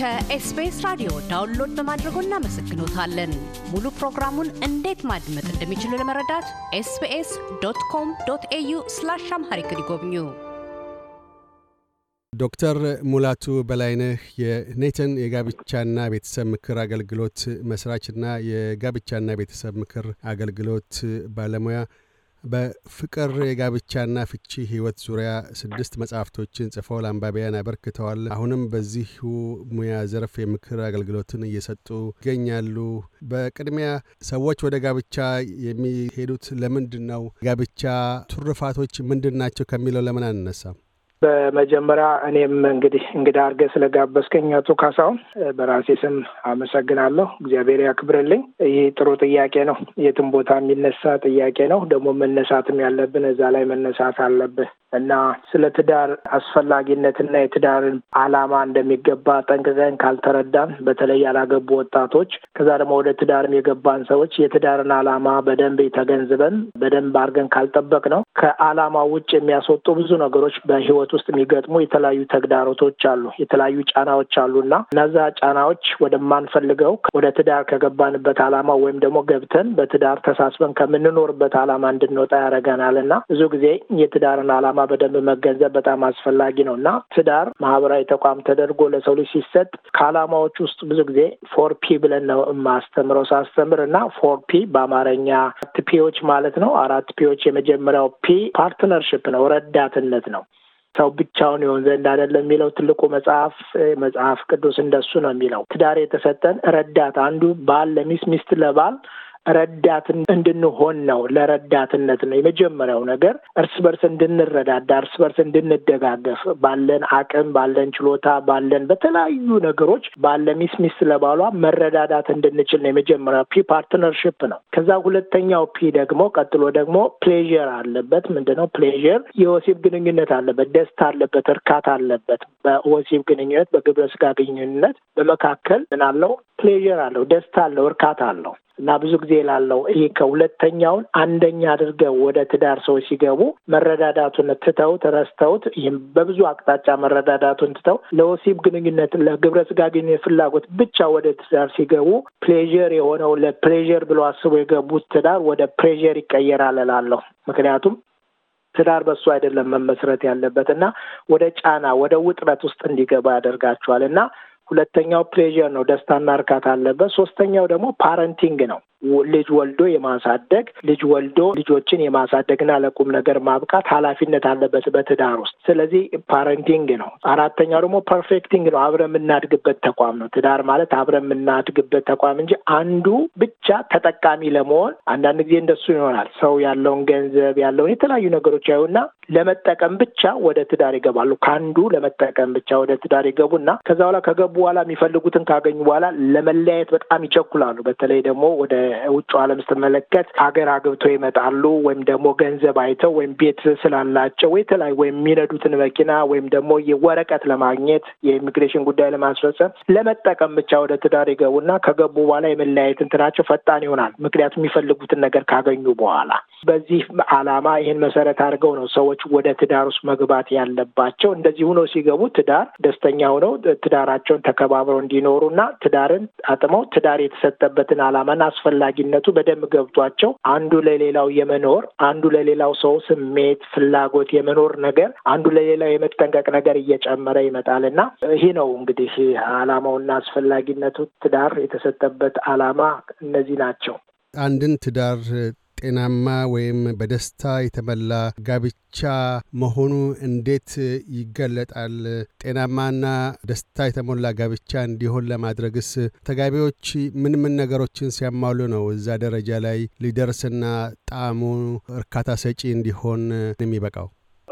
ከኤስቢኤስ ራዲዮ ዳውንሎድ በማድረጎ እናመሰግኖታለን። ሙሉ ፕሮግራሙን እንዴት ማድመጥ እንደሚችሉ ለመረዳት ኤስቢኤስ ዶት ኮም ዶት ኤዩ ስላሽ አምሃሪክ ይጎብኙ። ዶክተር ሙላቱ በላይነህ የኔተን የጋብቻና ቤተሰብ ምክር አገልግሎት መስራችና የጋብቻና ቤተሰብ ምክር አገልግሎት ባለሙያ በፍቅር የጋብቻና ፍቺ ህይወት ዙሪያ ስድስት መጽሐፍቶችን ጽፈው ለአንባቢያን አበርክተዋል። አሁንም በዚሁ ሙያ ዘርፍ የምክር አገልግሎትን እየሰጡ ይገኛሉ። በቅድሚያ ሰዎች ወደ ጋብቻ የሚሄዱት ለምንድን ነው? ጋብቻ ቱርፋቶች ምንድን ናቸው ከሚለው ለምን አንነሳም? በመጀመሪያ እኔም እንግዲህ እንግዳ አድርገህ ስለጋበዝከኝ አቶ ካሳሁን በራሴ ስም አመሰግናለሁ። እግዚአብሔር ያክብርልኝ። ይህ ጥሩ ጥያቄ ነው። የትም ቦታ የሚነሳ ጥያቄ ነው። ደግሞ መነሳትም ያለብን እዛ ላይ መነሳት አለብህ እና ስለ ትዳር አስፈላጊነትና የትዳርን ዓላማ እንደሚገባ ጠንቅቀን ካልተረዳን በተለይ ያላገቡ ወጣቶች፣ ከዛ ደግሞ ወደ ትዳርም የገባን ሰዎች የትዳርን ዓላማ በደንብ ተገንዝበን በደንብ አድርገን ካልጠበቅ ነው ከዓላማ ውጭ የሚያስወጡ ብዙ ነገሮች በህይወት በህይወት ውስጥ የሚገጥሙ የተለያዩ ተግዳሮቶች አሉ፣ የተለያዩ ጫናዎች አሉ እና እነዛ ጫናዎች ወደማንፈልገው ወደ ትዳር ከገባንበት አላማ ወይም ደግሞ ገብተን በትዳር ተሳስበን ከምንኖርበት አላማ እንድንወጣ ያደርገናል እና ብዙ ጊዜ የትዳርን አላማ በደንብ መገንዘብ በጣም አስፈላጊ ነው እና ትዳር ማህበራዊ ተቋም ተደርጎ ለሰው ልጅ ሲሰጥ ከአላማዎች ውስጥ ብዙ ጊዜ ፎር ፒ ብለን ነው የማስተምረው ሳስተምር እና ፎር ፒ በአማርኛ አራት ፒዎች ማለት ነው። አራት ፒዎች የመጀመሪያው ፒ ፓርትነርሽፕ ነው፣ ረዳትነት ነው። ሰው ብቻውን ይሆን ዘንድ አይደለም የሚለው ትልቁ መጽሐፍ መጽሐፍ ቅዱስ እንደሱ ነው የሚለው። ትዳር የተሰጠን ረዳት አንዱ ባል ለሚስት ሚስት ለባል ረዳት እንድንሆን ነው። ለረዳትነት ነው የመጀመሪያው ነገር። እርስ በርስ እንድንረዳዳ፣ እርስ በርስ እንድንደጋገፍ ባለን አቅም፣ ባለን ችሎታ፣ ባለን በተለያዩ ነገሮች ባለ ሚስ ሚስ ስለባሏ መረዳዳት እንድንችል ነው የመጀመሪያው ፒ ፓርትነርሽፕ ነው። ከዛ ሁለተኛው ፒ ደግሞ ቀጥሎ ደግሞ ፕሌዥር አለበት። ምንድነው ፕሌዥር? የወሲብ ግንኙነት አለበት፣ ደስታ አለበት፣ እርካታ አለበት። በወሲብ ግንኙነት በግብረ ስጋ ግንኙነት በመካከል ምን አለው? ፕሌዥር አለው፣ ደስታ አለው፣ እርካታ አለው። እና ብዙ ጊዜ ላለው ይህ ከሁለተኛውን አንደኛ አድርገው ወደ ትዳር ሰዎች ሲገቡ መረዳዳቱን ትተውት ረስተውት፣ ይህም በብዙ አቅጣጫ መረዳዳቱን ትተው ለወሲብ ግንኙነት ለግብረ ስጋ ግንኙነት ፍላጎት ብቻ ወደ ትዳር ሲገቡ ፕሌዥር የሆነው ለፕሌዥር ብሎ አስቦ የገቡት ትዳር ወደ ፕሬዥር ይቀየራል እላለሁ። ምክንያቱም ትዳር በሱ አይደለም መመስረት ያለበት እና ወደ ጫና ወደ ውጥረት ውስጥ እንዲገባ ያደርጋቸዋል እና ሁለተኛው ፕሌዥር ነው፣ ደስታና እርካታ አለበት። ሶስተኛው ደግሞ ፓረንቲንግ ነው። ልጅ ወልዶ የማሳደግ ልጅ ወልዶ ልጆችን የማሳደግና ለቁም ነገር ማብቃት ኃላፊነት አለበት በትዳር ውስጥ። ስለዚህ ፓረንቲንግ ነው። አራተኛው ደግሞ ፐርፌክቲንግ ነው። አብረ የምናድግበት ተቋም ነው። ትዳር ማለት አብረ የምናድግበት ተቋም እንጂ አንዱ ብቻ ተጠቃሚ ለመሆን አንዳንድ ጊዜ እንደሱ ይሆናል። ሰው ያለውን ገንዘብ ያለውን የተለያዩ ነገሮች ያዩና ለመጠቀም ብቻ ወደ ትዳር ይገባሉ። ከአንዱ ለመጠቀም ብቻ ወደ ትዳር ይገቡና ከዛ በኋላ ከገቡ በኋላ የሚፈልጉትን ካገኙ በኋላ ለመለያየት በጣም ይቸኩላሉ። በተለይ ደግሞ ወደ ውጭ ዓለም ስትመለከት ሀገር አግብቶ ይመጣሉ ወይም ደግሞ ገንዘብ አይተው ወይም ቤት ስላላቸው የተለያዩ ወይም የሚነዱትን መኪና ወይም ደግሞ ወረቀት ለማግኘት የኢሚግሬሽን ጉዳይ ለማስፈጸም ለመጠቀም ብቻ ወደ ትዳር ይገቡና ከገቡ በኋላ የመለያየት እንትናቸው ፈጣን ይሆናል። ምክንያቱም የሚፈልጉትን ነገር ካገኙ በኋላ በዚህ አላማ ይህን መሰረት አድርገው ነው ሰዎች ወደ ትዳር ውስጥ መግባት ያለባቸው። እንደዚህ ሆነው ሲገቡ ትዳር ደስተኛ ሆነው ትዳራቸውን ተከባብረው እንዲኖሩ እና ትዳርን አጥመው ትዳር የተሰጠበትን አላማና አስፈላ አስፈላጊነቱ በደንብ ገብቷቸው አንዱ ለሌላው የመኖር አንዱ ለሌላው ሰው ስሜት፣ ፍላጎት የመኖር ነገር አንዱ ለሌላው የመጠንቀቅ ነገር እየጨመረ ይመጣል እና ይህ ነው እንግዲህ አላማውና አስፈላጊነቱ ትዳር የተሰጠበት አላማ እነዚህ ናቸው። አንድን ትዳር ጤናማ ወይም በደስታ የተሞላ ጋብቻ መሆኑ እንዴት ይገለጣል? ጤናማና ደስታ የተሞላ ጋብቻ እንዲሆን ለማድረግስ ተጋቢዎች ምን ምን ነገሮችን ሲያሟሉ ነው እዛ ደረጃ ላይ ሊደርስና ጣዕሙ እርካታ ሰጪ እንዲሆን የሚበቃው?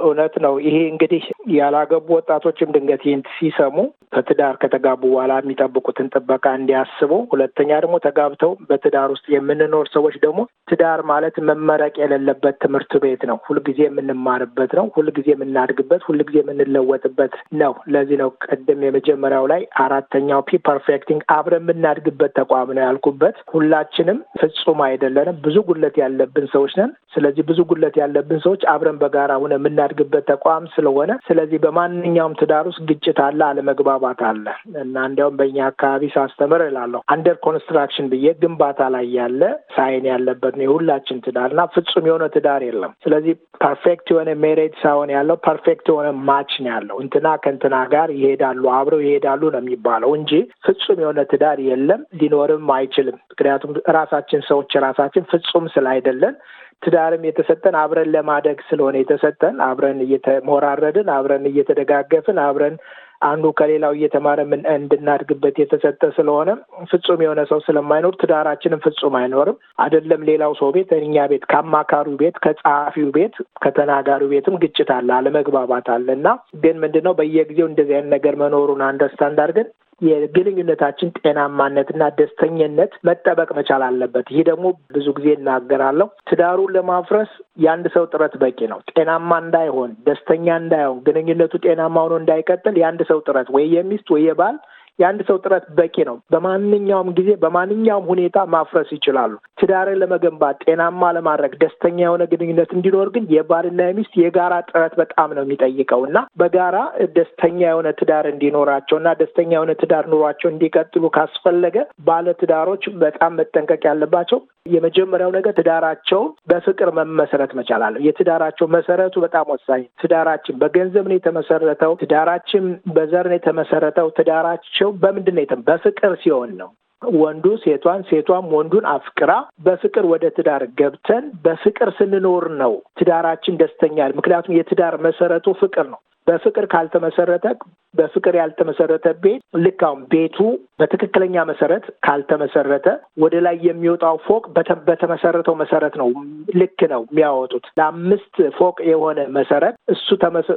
እውነት ነው። ይሄ እንግዲህ ያላገቡ ወጣቶችም ድንገት ይህን ሲሰሙ ከትዳር ከተጋቡ በኋላ የሚጠብቁትን ጥበቃ እንዲያስቡ፣ ሁለተኛ ደግሞ ተጋብተው በትዳር ውስጥ የምንኖር ሰዎች ደግሞ ትዳር ማለት መመረቅ የሌለበት ትምህርት ቤት ነው። ሁልጊዜ የምንማርበት ነው። ሁልጊዜ የምናድግበት፣ ሁልጊዜ የምንለወጥበት ነው። ለዚህ ነው ቅድም የመጀመሪያው ላይ አራተኛው ፒ ፐርፌክቲንግ አብረን የምናድግበት ተቋም ነው ያልኩበት። ሁላችንም ፍጹም አይደለንም። ብዙ ጉለት ያለብን ሰዎች ነን። ስለዚህ ብዙ ጉለት ያለብን ሰዎች አብረን በጋራ ሁነ የምና የሚያድግበት ተቋም ስለሆነ ስለዚህ በማንኛውም ትዳር ውስጥ ግጭት አለ፣ አለመግባባት አለ እና እንዲያውም በእኛ አካባቢ ሳስተምር እላለሁ አንደር ኮንስትራክሽን ብዬ ግንባታ ላይ ያለ ሳይን ያለበት ነው የሁላችን ትዳር እና ፍጹም የሆነ ትዳር የለም። ስለዚህ ፐርፌክት የሆነ ሜሬጅ ሳይሆን ያለው ፐርፌክት የሆነ ማች ነው ያለው። እንትና ከእንትና ጋር ይሄዳሉ፣ አብረው ይሄዳሉ ነው የሚባለው እንጂ ፍጹም የሆነ ትዳር የለም፣ ሊኖርም አይችልም። ምክንያቱም ራሳችን ሰዎች ራሳችን ፍጹም ስላይደለን ትዳርም የተሰጠን አብረን ለማደግ ስለሆነ የተሰጠን አብረን እየተሞራረድን አብረን እየተደጋገፍን አብረን አንዱ ከሌላው እየተማረ ምን እንድናድግበት የተሰጠ ስለሆነ ፍጹም የሆነ ሰው ስለማይኖር ትዳራችንም ፍጹም አይኖርም። አይደለም ሌላው ሰው ቤት እኛ ቤት፣ ከአማካሪው ቤት፣ ከጸሐፊው ቤት፣ ከተናጋሪው ቤትም ግጭት አለ፣ አለመግባባት አለ እና ግን ምንድነው በየጊዜው እንደዚህ አይነት ነገር መኖሩን አንደርስታንድ አድርገን የግንኙነታችን ጤናማነትና ደስተኝነት መጠበቅ መቻል አለበት። ይህ ደግሞ ብዙ ጊዜ እናገራለሁ። ትዳሩን ለማፍረስ የአንድ ሰው ጥረት በቂ ነው። ጤናማ እንዳይሆን፣ ደስተኛ እንዳይሆን፣ ግንኙነቱ ጤናማ ሆኖ እንዳይቀጥል የአንድ ሰው ጥረት ወይ የሚስት ወይ የባል የአንድ ሰው ጥረት በቂ ነው። በማንኛውም ጊዜ በማንኛውም ሁኔታ ማፍረስ ይችላሉ። ትዳርን ለመገንባት ጤናማ ለማድረግ ደስተኛ የሆነ ግንኙነት እንዲኖር ግን የባልና የሚስት የጋራ ጥረት በጣም ነው የሚጠይቀው እና በጋራ ደስተኛ የሆነ ትዳር እንዲኖራቸው እና ደስተኛ የሆነ ትዳር ኑሯቸው እንዲቀጥሉ ካስፈለገ ባለ ትዳሮች በጣም መጠንቀቅ ያለባቸው የመጀመሪያው ነገር ትዳራቸው በፍቅር መመሰረት መቻል አለ። የትዳራቸው መሰረቱ በጣም ወሳኝ። ትዳራችን በገንዘብ ነው የተመሰረተው፣ ትዳራችን በዘር ነው የተመሰረተው። ትዳራቸው በምንድን ነው በፍቅር ሲሆን ነው ወንዱ ሴቷን ሴቷም ወንዱን አፍቅራ በፍቅር ወደ ትዳር ገብተን በፍቅር ስንኖር ነው ትዳራችን ደስተኛል። ምክንያቱም የትዳር መሰረቱ ፍቅር ነው። በፍቅር ካልተመሰረተ በፍቅር ያልተመሰረተ ቤት ልክ አሁን ቤቱ በትክክለኛ መሰረት ካልተመሰረተ ወደ ላይ የሚወጣው ፎቅ በተመሰረተው መሰረት ነው። ልክ ነው የሚያወጡት ለአምስት ፎቅ የሆነ መሰረት እሱ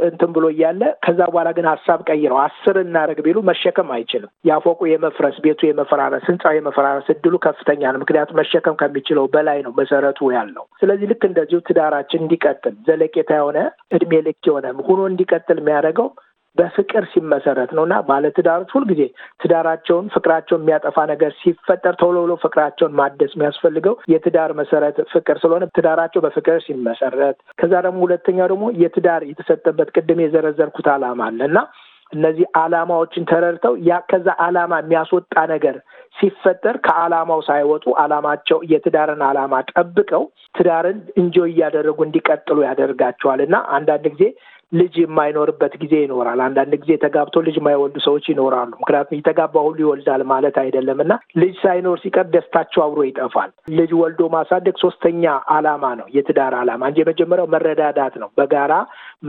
እንትን ብሎ እያለ ከዛ በኋላ ግን ሀሳብ ቀይረው አስር እናደርግ ቢሉ መሸከም አይችልም። ያ ፎቁ የመፍረስ ቤቱ የመፈራረስ ህንፃው የመፈራረስ እድሉ ከፍተኛ ነው። ምክንያቱም መሸከም ከሚችለው በላይ ነው መሰረቱ ያለው። ስለዚህ ልክ እንደዚሁ ትዳራችን እንዲቀጥል ዘለቄታ የሆነ እድሜ ልክ የሆነ ሆኖ እንዲቀጥል የሚያደርገው በፍቅር ሲመሰረት ነው እና ባለትዳሮች ሁልጊዜ ትዳራቸውን፣ ፍቅራቸውን የሚያጠፋ ነገር ሲፈጠር ቶሎ ብሎ ፍቅራቸውን ማደስ የሚያስፈልገው የትዳር መሰረት ፍቅር ስለሆነ ትዳራቸው በፍቅር ሲመሰረት፣ ከዛ ደግሞ ሁለተኛው ደግሞ የትዳር የተሰጠበት ቅድም የዘረዘርኩት ዓላማ አለ እና እነዚህ ዓላማዎችን ተረድተው ያ ከዛ ዓላማ የሚያስወጣ ነገር ሲፈጠር ከአላማው ሳይወጡ አላማቸው የትዳርን ዓላማ ጠብቀው ትዳርን እንጆ እያደረጉ እንዲቀጥሉ ያደርጋቸዋል እና አንዳንድ ጊዜ ልጅ የማይኖርበት ጊዜ ይኖራል። አንዳንድ ጊዜ ተጋብቶ ልጅ የማይወልዱ ሰዎች ይኖራሉ። ምክንያቱም የተጋባ ሁሉ ይወልዳል ማለት አይደለም እና ልጅ ሳይኖር ሲቀር ደስታቸው አብሮ ይጠፋል። ልጅ ወልዶ ማሳደግ ሶስተኛ አላማ ነው፣ የትዳር አላማ እንጂ የመጀመሪያው መረዳዳት ነው። በጋራ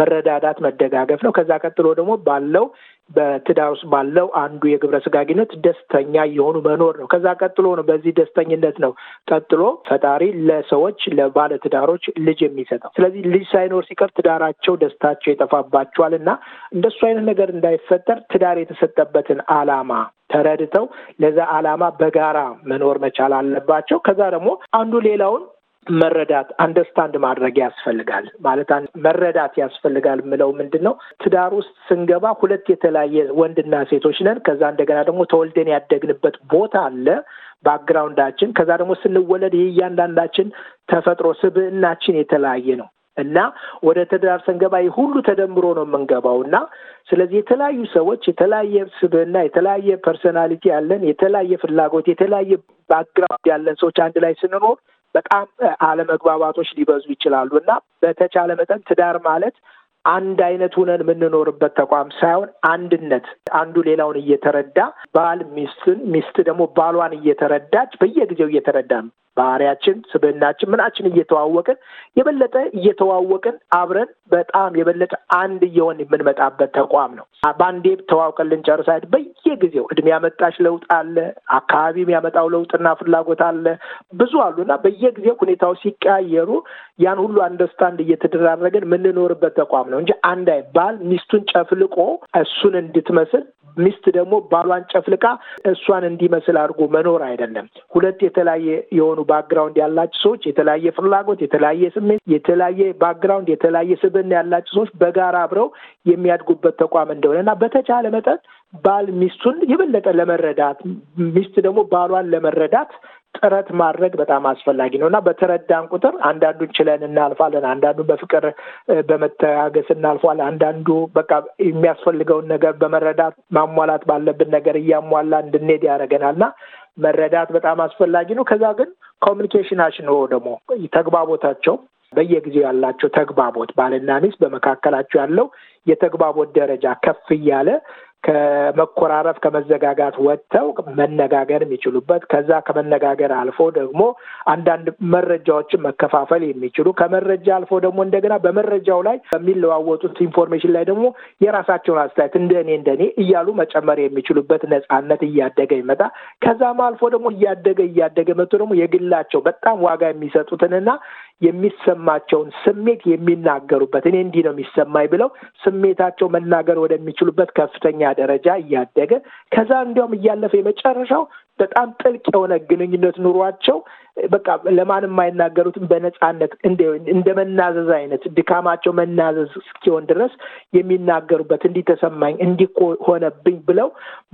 መረዳዳት መደጋገፍ ነው። ከዛ ቀጥሎ ደግሞ ባለው በትዳር ውስጥ ባለው አንዱ የግብረ ስጋ ግንኙነት ደስተኛ የሆኑ መኖር ነው። ከዛ ቀጥሎ ነው በዚህ ደስተኝነት ነው ቀጥሎ ፈጣሪ ለሰዎች ለባለ ትዳሮች ልጅ የሚሰጠው። ስለዚህ ልጅ ሳይኖር ሲቀር ትዳራቸው ደስታቸው ይጠፋባቸዋል እና እንደሱ አይነት ነገር እንዳይፈጠር ትዳር የተሰጠበትን አላማ ተረድተው ለዛ አላማ በጋራ መኖር መቻል አለባቸው። ከዛ ደግሞ አንዱ ሌላውን መረዳት አንደርስታንድ ማድረግ ያስፈልጋል። ማለት መረዳት ያስፈልጋል የምለው ምንድን ነው? ትዳር ውስጥ ስንገባ ሁለት የተለያየ ወንድና ሴቶች ነን። ከዛ እንደገና ደግሞ ተወልደን ያደግንበት ቦታ አለ ባክግራውንዳችን። ከዛ ደግሞ ስንወለድ ይህ እያንዳንዳችን ተፈጥሮ ስብዕናችን የተለያየ ነው እና ወደ ትዳር ስንገባ ይህ ሁሉ ተደምሮ ነው የምንገባው እና ስለዚህ የተለያዩ ሰዎች የተለያየ ስብዕና፣ የተለያየ ፐርሶናሊቲ ያለን፣ የተለያየ ፍላጎት፣ የተለያየ ባክግራውንድ ያለን ሰዎች አንድ ላይ ስንኖር በጣም አለመግባባቶች ሊበዙ ይችላሉ እና በተቻለ መጠን ትዳር ማለት አንድ አይነት ሁነን የምንኖርበት ተቋም ሳይሆን አንድነት አንዱ ሌላውን እየተረዳ ባል ሚስትን፣ ሚስት ደግሞ ባሏን እየተረዳች በየጊዜው እየተረዳ ነው ባህሪያችን፣ ስብህናችን፣ ምናችን እየተዋወቅን የበለጠ እየተዋወቅን አብረን በጣም የበለጠ አንድ እየሆን የምንመጣበት ተቋም ነው። በአንዴ ተዋውቀን ልንጨርስ አይደል? በየጊዜው እድሜ ያመጣሽ ለውጥ አለ፣ አካባቢ የሚያመጣው ለውጥና ፍላጎት አለ፣ ብዙ አሉና በየጊዜው ሁኔታው ሲቀያየሩ ያን ሁሉ አንደርስታንድ እየተደራረገን የምንኖርበት ተቋም ነው። ነው እንጂ አንድ ባል ሚስቱን ጨፍልቆ እሱን እንድትመስል ሚስት ደግሞ ባሏን ጨፍልቃ እሷን እንዲመስል አድርጎ መኖር አይደለም። ሁለት የተለያየ የሆኑ ባክግራውንድ ያላቸው ሰዎች፣ የተለያየ ፍላጎት፣ የተለያየ ስሜት፣ የተለያየ ባክግራውንድ፣ የተለያየ ስብዕና ያላቸው ሰዎች በጋራ አብረው የሚያድጉበት ተቋም እንደሆነ እና በተቻለ መጠን ባል ሚስቱን የበለጠ ለመረዳት ሚስት ደግሞ ባሏን ለመረዳት ጥረት ማድረግ በጣም አስፈላጊ ነው እና በተረዳን ቁጥር አንዳንዱን ችለን እናልፋለን፣ አንዳንዱ በፍቅር በመተጋገስ እናልፏለን። አንዳንዱ በቃ የሚያስፈልገውን ነገር በመረዳት ማሟላት ባለብን ነገር እያሟላ እንድንሄድ ያደርገናል እና መረዳት በጣም አስፈላጊ ነው። ከዛ ግን ኮሚኒኬሽናችን ነው ደግሞ ተግባቦታቸው በየጊዜው ያላቸው ተግባቦት ባልና ሚስት በመካከላቸው ያለው የተግባቦት ደረጃ ከፍ እያለ ከመኮራረፍ ከመዘጋጋት ወጥተው መነጋገር የሚችሉበት ከዛ ከመነጋገር አልፎ ደግሞ አንዳንድ መረጃዎችን መከፋፈል የሚችሉ ከመረጃ አልፎ ደግሞ እንደገና በመረጃው ላይ በሚለዋወጡት ኢንፎርሜሽን ላይ ደግሞ የራሳቸውን አስተያየት እንደኔ እንደኔ እያሉ መጨመር የሚችሉበት ነጻነት እያደገ ይመጣ ከዛም አልፎ ደግሞ እያደገ እያደገ መጥቶ ደግሞ የግላቸው በጣም ዋጋ የሚሰጡትንና የሚሰማቸውን ስሜት የሚናገሩበት እኔ እንዲህ ነው የሚሰማኝ ብለው ስሜታቸው መናገር ወደሚችሉበት ከፍተኛ ደረጃ እያደገ ከዛ እንዲያውም እያለፈ የመጨረሻው በጣም ጥልቅ የሆነ ግንኙነት ኑሯቸው በቃ ለማንም የማይናገሩትም በነፃነት እንደ መናዘዝ አይነት ድካማቸው መናዘዝ እስኪሆን ድረስ የሚናገሩበት እንዲተሰማኝ እንዲሆነብኝ ብለው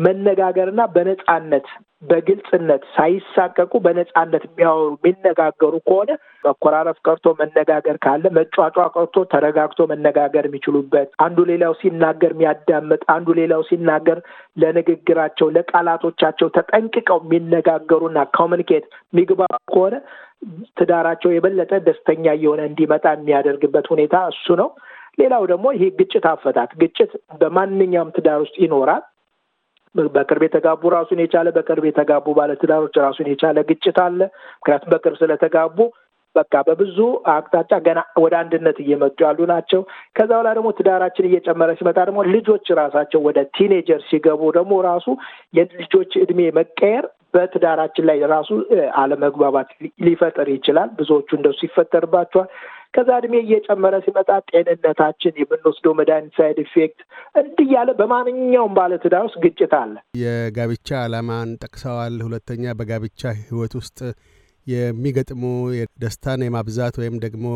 መነጋገርና በነፃነት በግልጽነት ሳይሳቀቁ በነፃነት የሚያወሩ የሚነጋገሩ ከሆነ መኮራረፍ ቀርቶ መነጋገር ካለ መጫጫ ቀርቶ ተረጋግቶ መነጋገር የሚችሉበት አንዱ ሌላው ሲናገር የሚያዳምጥ አንዱ ሌላው ሲናገር ለንግግራቸው ለቃላቶቻቸው ተጠንቅቀው በየደቂቃው የሚነጋገሩና ኮሚኒኬት ሚግባ ከሆነ ትዳራቸው የበለጠ ደስተኛ እየሆነ እንዲመጣ የሚያደርግበት ሁኔታ እሱ ነው። ሌላው ደግሞ ይሄ ግጭት አፈታት። ግጭት በማንኛውም ትዳር ውስጥ ይኖራል። በቅርብ የተጋቡ ራሱን የቻለ በቅርብ የተጋቡ ባለትዳሮች ራሱን የቻለ ግጭት አለ። ምክንያቱም በቅርብ ስለተጋቡ በቃ በብዙ አቅጣጫ ገና ወደ አንድነት እየመጡ ያሉ ናቸው። ከዛ በኋላ ደግሞ ትዳራችን እየጨመረ ሲመጣ ደግሞ ልጆች ራሳቸው ወደ ቲኔጀር ሲገቡ ደግሞ ራሱ የልጆች እድሜ መቀየር በትዳራችን ላይ ራሱ አለመግባባት ሊፈጠር ይችላል። ብዙዎቹ እንደሱ ይፈጠርባቸዋል። ከዛ እድሜ እየጨመረ ሲመጣ ጤንነታችን፣ የምንወስደው መድኃኒት፣ ሳይድ ኢፌክት እንዲህ ያለ በማንኛውም ባለትዳር ውስጥ ግጭት አለ። የጋብቻ ዓላማን ጠቅሰዋል። ሁለተኛ በጋብቻ ህይወት ውስጥ የሚገጥሙ ደስታን የማብዛት ወይም ደግሞ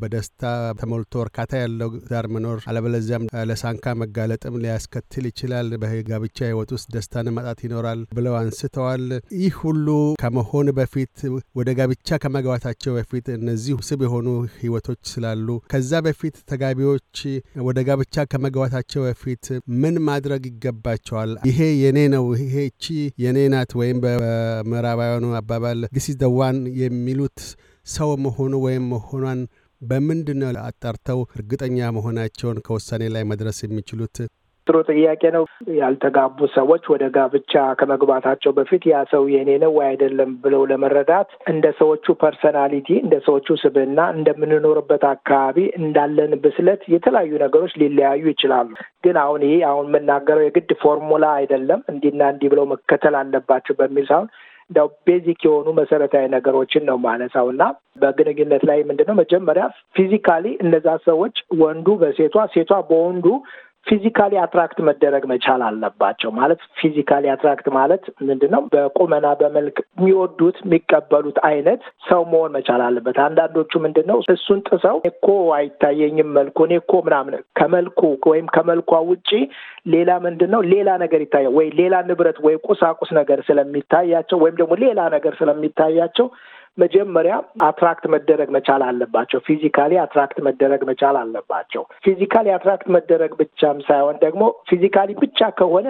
በደስታ ተሞልቶ እርካታ ያለው ዳር መኖር አለበለዚያም ለሳንካ መጋለጥም ሊያስከትል ይችላል። በጋብቻ ህይወት ውስጥ ደስታን ማጣት ይኖራል ብለው አንስተዋል። ይህ ሁሉ ከመሆን በፊት ወደ ጋብቻ ከመግባታቸው በፊት እነዚህ ውስብ የሆኑ ህይወቶች ስላሉ ከዛ በፊት ተጋቢዎች ወደ ጋብቻ ከመግባታቸው በፊት ምን ማድረግ ይገባቸዋል? ይሄ የኔ ነው፣ ይሄ የኔ ናት፣ ወይም በምዕራባውያኑ አባባል ዲስ ዋን ማን የሚሉት ሰው መሆኑ ወይም መሆኗን በምንድን ነው አጣርተው እርግጠኛ መሆናቸውን ከውሳኔ ላይ መድረስ የሚችሉት? ጥሩ ጥያቄ ነው። ያልተጋቡ ሰዎች ወደ ጋብቻ ከመግባታቸው በፊት ያ ሰው የኔ ነው ወይ አይደለም ብለው ለመረዳት እንደ ሰዎቹ ፐርሰናሊቲ፣ እንደ ሰዎቹ ስብዕና፣ እንደምንኖርበት አካባቢ እንዳለን ብስለት የተለያዩ ነገሮች ሊለያዩ ይችላሉ። ግን አሁን ይሄ አሁን የምናገረው የግድ ፎርሙላ አይደለም እንዲና እንዲህ ብለው መከተል አለባቸው በሚል ሳይሆን እንደው ቤዚክ የሆኑ መሰረታዊ ነገሮችን ነው ማነሳው እና በግንኙነት ላይ ምንድነው መጀመሪያ ፊዚካሊ እነዛ ሰዎች ወንዱ በሴቷ ሴቷ በወንዱ ፊዚካሊ አትራክት መደረግ መቻል አለባቸው። ማለት ፊዚካሊ አትራክት ማለት ምንድን ነው? በቁመና በመልክ የሚወዱት የሚቀበሉት አይነት ሰው መሆን መቻል አለበት። አንዳንዶቹ ምንድን ነው እሱን ጥሰው እኮ አይታየኝም መልኩ እኔ እኮ ምናምን ከመልኩ ወይም ከመልኳ ውጪ ሌላ ምንድን ነው ሌላ ነገር ይታያል ወይ ሌላ ንብረት ወይ ቁሳቁስ ነገር ስለሚታያቸው ወይም ደግሞ ሌላ ነገር ስለሚታያቸው መጀመሪያ አትራክት መደረግ መቻል አለባቸው። ፊዚካሊ አትራክት መደረግ መቻል አለባቸው። ፊዚካሊ አትራክት መደረግ ብቻም ሳይሆን ደግሞ ፊዚካሊ ብቻ ከሆነ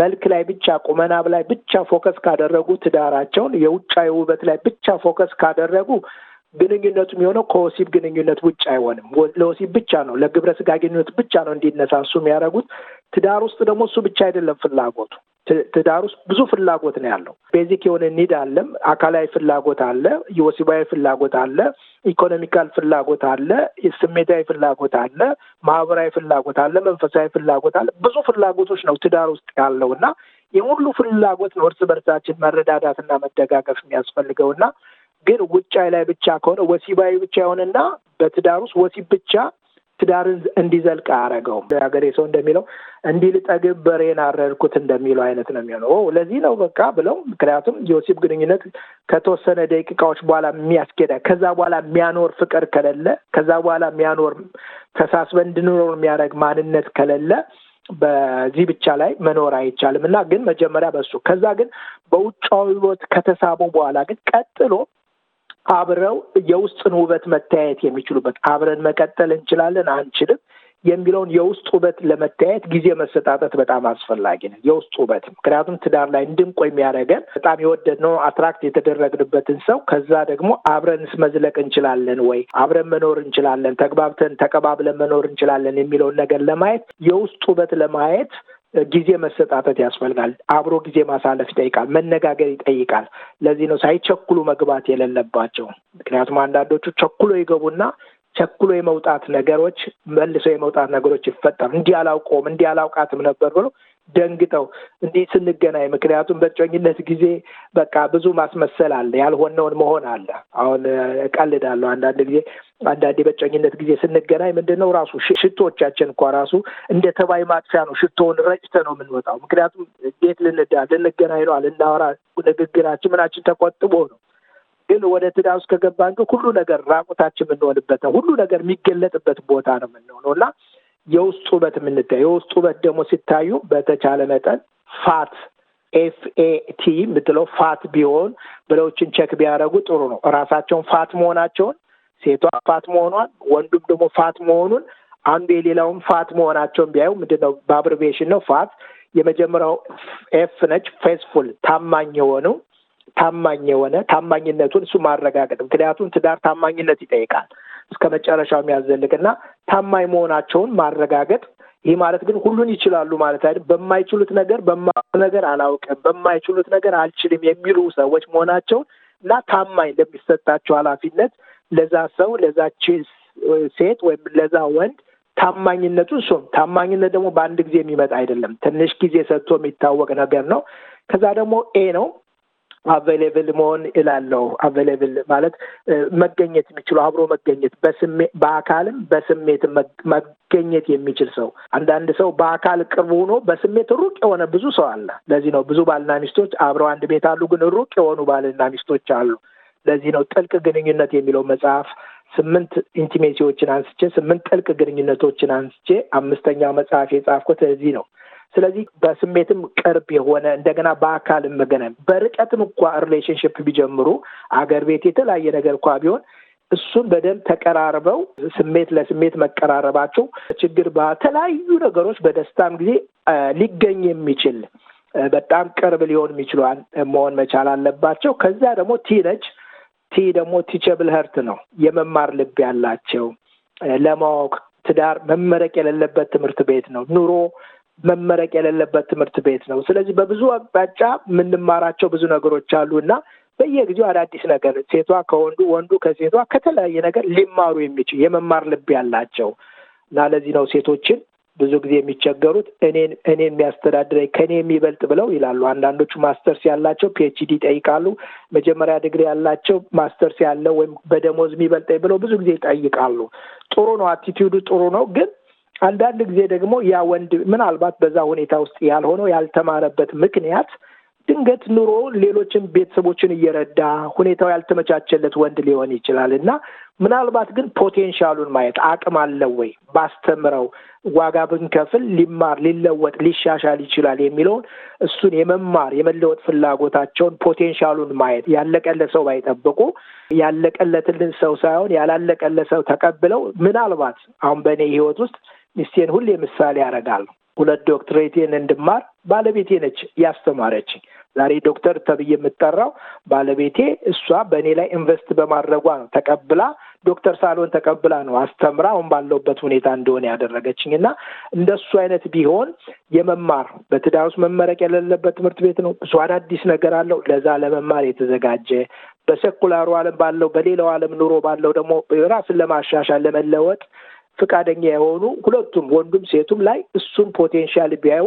መልክ ላይ ብቻ ቁመናብ ላይ ብቻ ፎከስ ካደረጉ ትዳራቸውን የውጫዊ ውበት ላይ ብቻ ፎከስ ካደረጉ ግንኙነቱ የሚሆነው ከወሲብ ግንኙነት ውጭ አይሆንም። ለወሲብ ብቻ ነው፣ ለግብረ ስጋ ግንኙነት ብቻ ነው እንዲነሳሱ የሚያደርጉት። ትዳር ውስጥ ደግሞ እሱ ብቻ አይደለም ፍላጎቱ ትዳር ውስጥ ብዙ ፍላጎት ነው ያለው። ቤዚክ የሆነ ኒድ አለም። አካላዊ ፍላጎት አለ፣ የወሲባዊ ፍላጎት አለ፣ ኢኮኖሚካል ፍላጎት አለ፣ ስሜታዊ ፍላጎት አለ፣ ማህበራዊ ፍላጎት አለ፣ መንፈሳዊ ፍላጎት አለ። ብዙ ፍላጎቶች ነው ትዳር ውስጥ ያለው እና የሁሉ ፍላጎት ነው እርስ በርሳችን መረዳዳት መረዳዳትና መደጋገፍ የሚያስፈልገው የሚያስፈልገውና ግን ውጫዊ ላይ ብቻ ከሆነ ወሲባዊ ብቻ የሆነና በትዳር ውስጥ ወሲብ ብቻ ትዳርን እንዲዘልቅ አረገው። ሀገሬ ሰው እንደሚለው እንዲልጠግብ በሬን አረድኩት እንደሚለው አይነት ነው የሚሆነው። ለዚህ ነው በቃ ብለው ምክንያቱም የወሲብ ግንኙነት ከተወሰነ ደቂቃዎች በኋላ የሚያስኬዳ ከዛ በኋላ የሚያኖር ፍቅር ከሌለ ከዛ በኋላ የሚያኖር ተሳስበ እንድንኖር የሚያደርግ ማንነት ከሌለ በዚህ ብቻ ላይ መኖር አይቻልም እና ግን መጀመሪያ በሱ ከዛ ግን በውጫዊ ህይወት ከተሳቡ በኋላ ግን ቀጥሎ አብረው የውስጥን ውበት መታየት የሚችሉበት አብረን መቀጠል እንችላለን አንችልም የሚለውን የውስጥ ውበት ለመታየት ጊዜ መሰጣጠት በጣም አስፈላጊ ነው። የውስጥ ውበት ምክንያቱም ትዳር ላይ እንድንቆይ የሚያደርገን በጣም የወደድነው አትራክት የተደረግንበትን ሰው ከዛ ደግሞ አብረንስ መዝለቅ እንችላለን ወይ አብረን መኖር እንችላለን፣ ተግባብተን ተቀባብለን መኖር እንችላለን የሚለውን ነገር ለማየት የውስጥ ውበት ለማየት ጊዜ መሰጣጠት ያስፈልጋል። አብሮ ጊዜ ማሳለፍ ይጠይቃል። መነጋገር ይጠይቃል። ለዚህ ነው ሳይቸኩሉ መግባት የሌለባቸው። ምክንያቱም አንዳንዶቹ ቸኩሎ ይገቡና ቸኩሎ የመውጣት ነገሮች መልሶ የመውጣት ነገሮች ይፈጠሩ። እንዲህ አላውቀውም እንዲህ አላውቃትም ነበር ብሎ ደንግጠው እንዲህ ስንገናኝ ምክንያቱም በጮኝነት ጊዜ በቃ ብዙ ማስመሰል አለ፣ ያልሆነውን መሆን አለ። አሁን እቀልዳለሁ አንዳንድ ጊዜ አንዳንዴ በጮኝነት ጊዜ ስንገናኝ ምንድን ነው ራሱ ሽቶቻችን እኳ ራሱ እንደ ተባይ ማጥፊያ ነው። ሽቶውን ረጭተ ነው የምንወጣው። ምክንያቱም እንዴት ልንዳ ልንገናኝ ነው ልናወራ ንግግራችን ምናችን ተቆጥቦ ነው። ግን ወደ ትዳር ውስጥ ከገባን ግን ሁሉ ነገር ራቁታችን የምንሆንበት ነው። ሁሉ ነገር የሚገለጥበት ቦታ ነው የምንሆነው እና የውስጥ ውበት የምንታይ የውስጥ ውበት ደግሞ ሲታዩ በተቻለ መጠን ፋት ኤፍኤቲ የምትለው ፋት ቢሆን ብለዎችን ቸክ ቢያደረጉ ጥሩ ነው። ራሳቸውን ፋት መሆናቸውን ሴቷ ፋት መሆኗን ወንዱም ደግሞ ፋት መሆኑን አንዱ የሌላውን ፋት መሆናቸውን ቢያዩ ምንድን ነው በአብርቬሽን ነው ፋት የመጀመሪያው ኤፍ ነች። ፌስፉል ታማኝ የሆኑ ታማኝ የሆነ ታማኝነቱን እሱ ማረጋገጥ ምክንያቱም ትዳር ታማኝነት ይጠይቃል። እስከ መጨረሻው የሚያዘልቅና ታማኝ መሆናቸውን ማረጋገጥ ይህ ማለት ግን ሁሉን ይችላሉ ማለት አይደል። በማይችሉት ነገር በማውቀው ነገር አላውቅም፣ በማይችሉት ነገር አልችልም የሚሉ ሰዎች መሆናቸውን እና ታማኝ ለሚሰጣቸው ኃላፊነት ለዛ ሰው ለዛ ሴት ወይም ለዛ ወንድ ታማኝነቱ እሱም ታማኝነት ደግሞ በአንድ ጊዜ የሚመጣ አይደለም። ትንሽ ጊዜ ሰጥቶ የሚታወቅ ነገር ነው። ከዛ ደግሞ ኤ ነው አቬሌብል መሆን እላለሁ። አቬሌብል ማለት መገኘት የሚችሉ አብሮ መገኘት በአካልም በስሜት መገኘት የሚችል ሰው። አንዳንድ ሰው በአካል ቅርቡ ሆኖ በስሜት ሩቅ የሆነ ብዙ ሰው አለ። ለዚህ ነው ብዙ ባልና ሚስቶች አብረው አንድ ቤት አሉ፣ ግን ሩቅ የሆኑ ባልና ሚስቶች አሉ። ለዚህ ነው ጥልቅ ግንኙነት የሚለው መጽሐፍ ስምንት ኢንቲሜሲዎችን አንስቼ ስምንት ጥልቅ ግንኙነቶችን አንስቼ አምስተኛው መጽሐፍ የጻፍኩት እዚህ ነው። ስለዚህ በስሜትም ቅርብ የሆነ እንደገና በአካልም መገናኝ በርቀትም እኳ ሪሌሽንሽፕ ቢጀምሩ አገር ቤት የተለያየ ነገር እኳ ቢሆን እሱን በደንብ ተቀራርበው ስሜት ለስሜት መቀራረባቸው ችግር በተለያዩ ነገሮች በደስታም ጊዜ ሊገኝ የሚችል በጣም ቅርብ ሊሆን የሚችሉ መሆን መቻል አለባቸው። ከዛ ደግሞ ቲ ነች። ቲ ደግሞ ቲቸብል ሄርት ነው። የመማር ልብ ያላቸው ለማወቅ ትዳር መመረቅ የሌለበት ትምህርት ቤት ነው። ኑሮ መመረቅ የሌለበት ትምህርት ቤት ነው። ስለዚህ በብዙ አቅጣጫ የምንማራቸው ብዙ ነገሮች አሉ እና በየጊዜው አዳዲስ ነገር ሴቷ ከወንዱ ወንዱ ከሴቷ ከተለያየ ነገር ሊማሩ የሚችሉ የመማር ልብ ያላቸው እና ለዚህ ነው ሴቶችን ብዙ ጊዜ የሚቸገሩት እኔን እኔ የሚያስተዳድረኝ ከእኔ የሚበልጥ ብለው ይላሉ። አንዳንዶቹ ማስተርስ ያላቸው ፒኤችዲ ይጠይቃሉ። መጀመሪያ ዲግሪ ያላቸው ማስተርስ ያለው ወይም በደሞዝ የሚበልጠኝ ብለው ብዙ ጊዜ ይጠይቃሉ። ጥሩ ነው፣ አቲቲዩዱ ጥሩ ነው። ግን አንዳንድ ጊዜ ደግሞ ያ ወንድ ምናልባት በዛ ሁኔታ ውስጥ ያልሆነው ያልተማረበት ምክንያት ድንገት ኑሮ ሌሎችን ቤተሰቦችን እየረዳ ሁኔታው ያልተመቻቸለት ወንድ ሊሆን ይችላል እና ምናልባት ግን ፖቴንሻሉን ማየት አቅም አለው ወይ ባስተምረው ዋጋ ብንከፍል ሊማር ሊለወጥ ሊሻሻል ይችላል የሚለውን እሱን የመማር የመለወጥ ፍላጎታቸውን ፖቴንሻሉን ማየት ያለቀለት ሰው ባይጠብቁ ያለቀለትልን ሰው ሳይሆን ያላለቀለት ሰው ተቀብለው ምናልባት አሁን በእኔ ህይወት ውስጥ ሚስቴን ሁሌ ምሳሌ ያደርጋለሁ። ሁለት ዶክትሬቴን እንድማር ባለቤቴ ነች ያስተማረችኝ። ዛሬ ዶክተር ተብዬ የምጠራው ባለቤቴ እሷ በእኔ ላይ ኢንቨስት በማድረጓ ነው። ተቀብላ ዶክተር ሳሎን ተቀብላ ነው አስተምራ አሁን ባለውበት ሁኔታ እንደሆነ ያደረገችኝ እና እንደሱ አይነት ቢሆን የመማር በትዳር ውስጥ መመረቅ የሌለበት ትምህርት ቤት ነው። ብዙ አዳዲስ ነገር አለው። ለዛ ለመማር የተዘጋጀ በሰኩላሩ ዓለም ባለው በሌላው ዓለም ኑሮ ባለው ደግሞ ራስን ለማሻሻል ለመለወጥ ፍቃደኛ የሆኑ ሁለቱም ወንዱም ሴቱም ላይ እሱን ፖቴንሻል ቢያዩ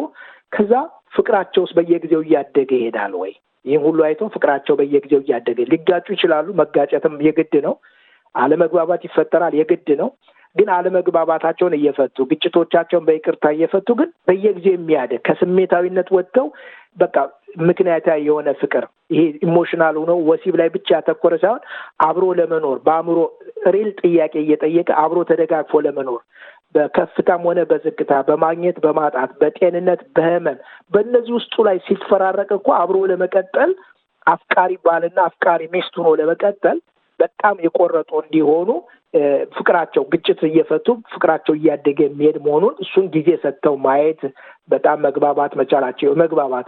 ከዛ ፍቅራቸውስ በየጊዜው እያደገ ይሄዳል ወይ? ይህም ሁሉ አይቶ ፍቅራቸው በየጊዜው እያደገ ሊጋጩ ይችላሉ። መጋጨትም የግድ ነው። አለመግባባት ይፈጠራል፣ የግድ ነው። ግን አለመግባባታቸውን እየፈቱ ግጭቶቻቸውን በይቅርታ እየፈቱ ግን በየጊዜው የሚያደግ ከስሜታዊነት ወጥተው በቃ ምክንያታዊ የሆነ ፍቅር ይሄ ኢሞሽናል ሆኖ ወሲብ ላይ ብቻ ያተኮረ ሳይሆን አብሮ ለመኖር በአእምሮ ሪል ጥያቄ እየጠየቀ አብሮ ተደጋግፎ ለመኖር በከፍታም ሆነ በዝቅታ በማግኘት በማጣት በጤንነት በህመም በእነዚህ ውስጡ ላይ ሲፈራረቅ እኮ አብሮ ለመቀጠል አፍቃሪ ባልና አፍቃሪ ሚስት ሆኖ ለመቀጠል በጣም የቆረጡ እንዲሆኑ ፍቅራቸው ግጭት እየፈቱ ፍቅራቸው እያደገ የሚሄድ መሆኑን እሱን ጊዜ ሰጥተው ማየት በጣም መግባባት መቻላቸው መግባባት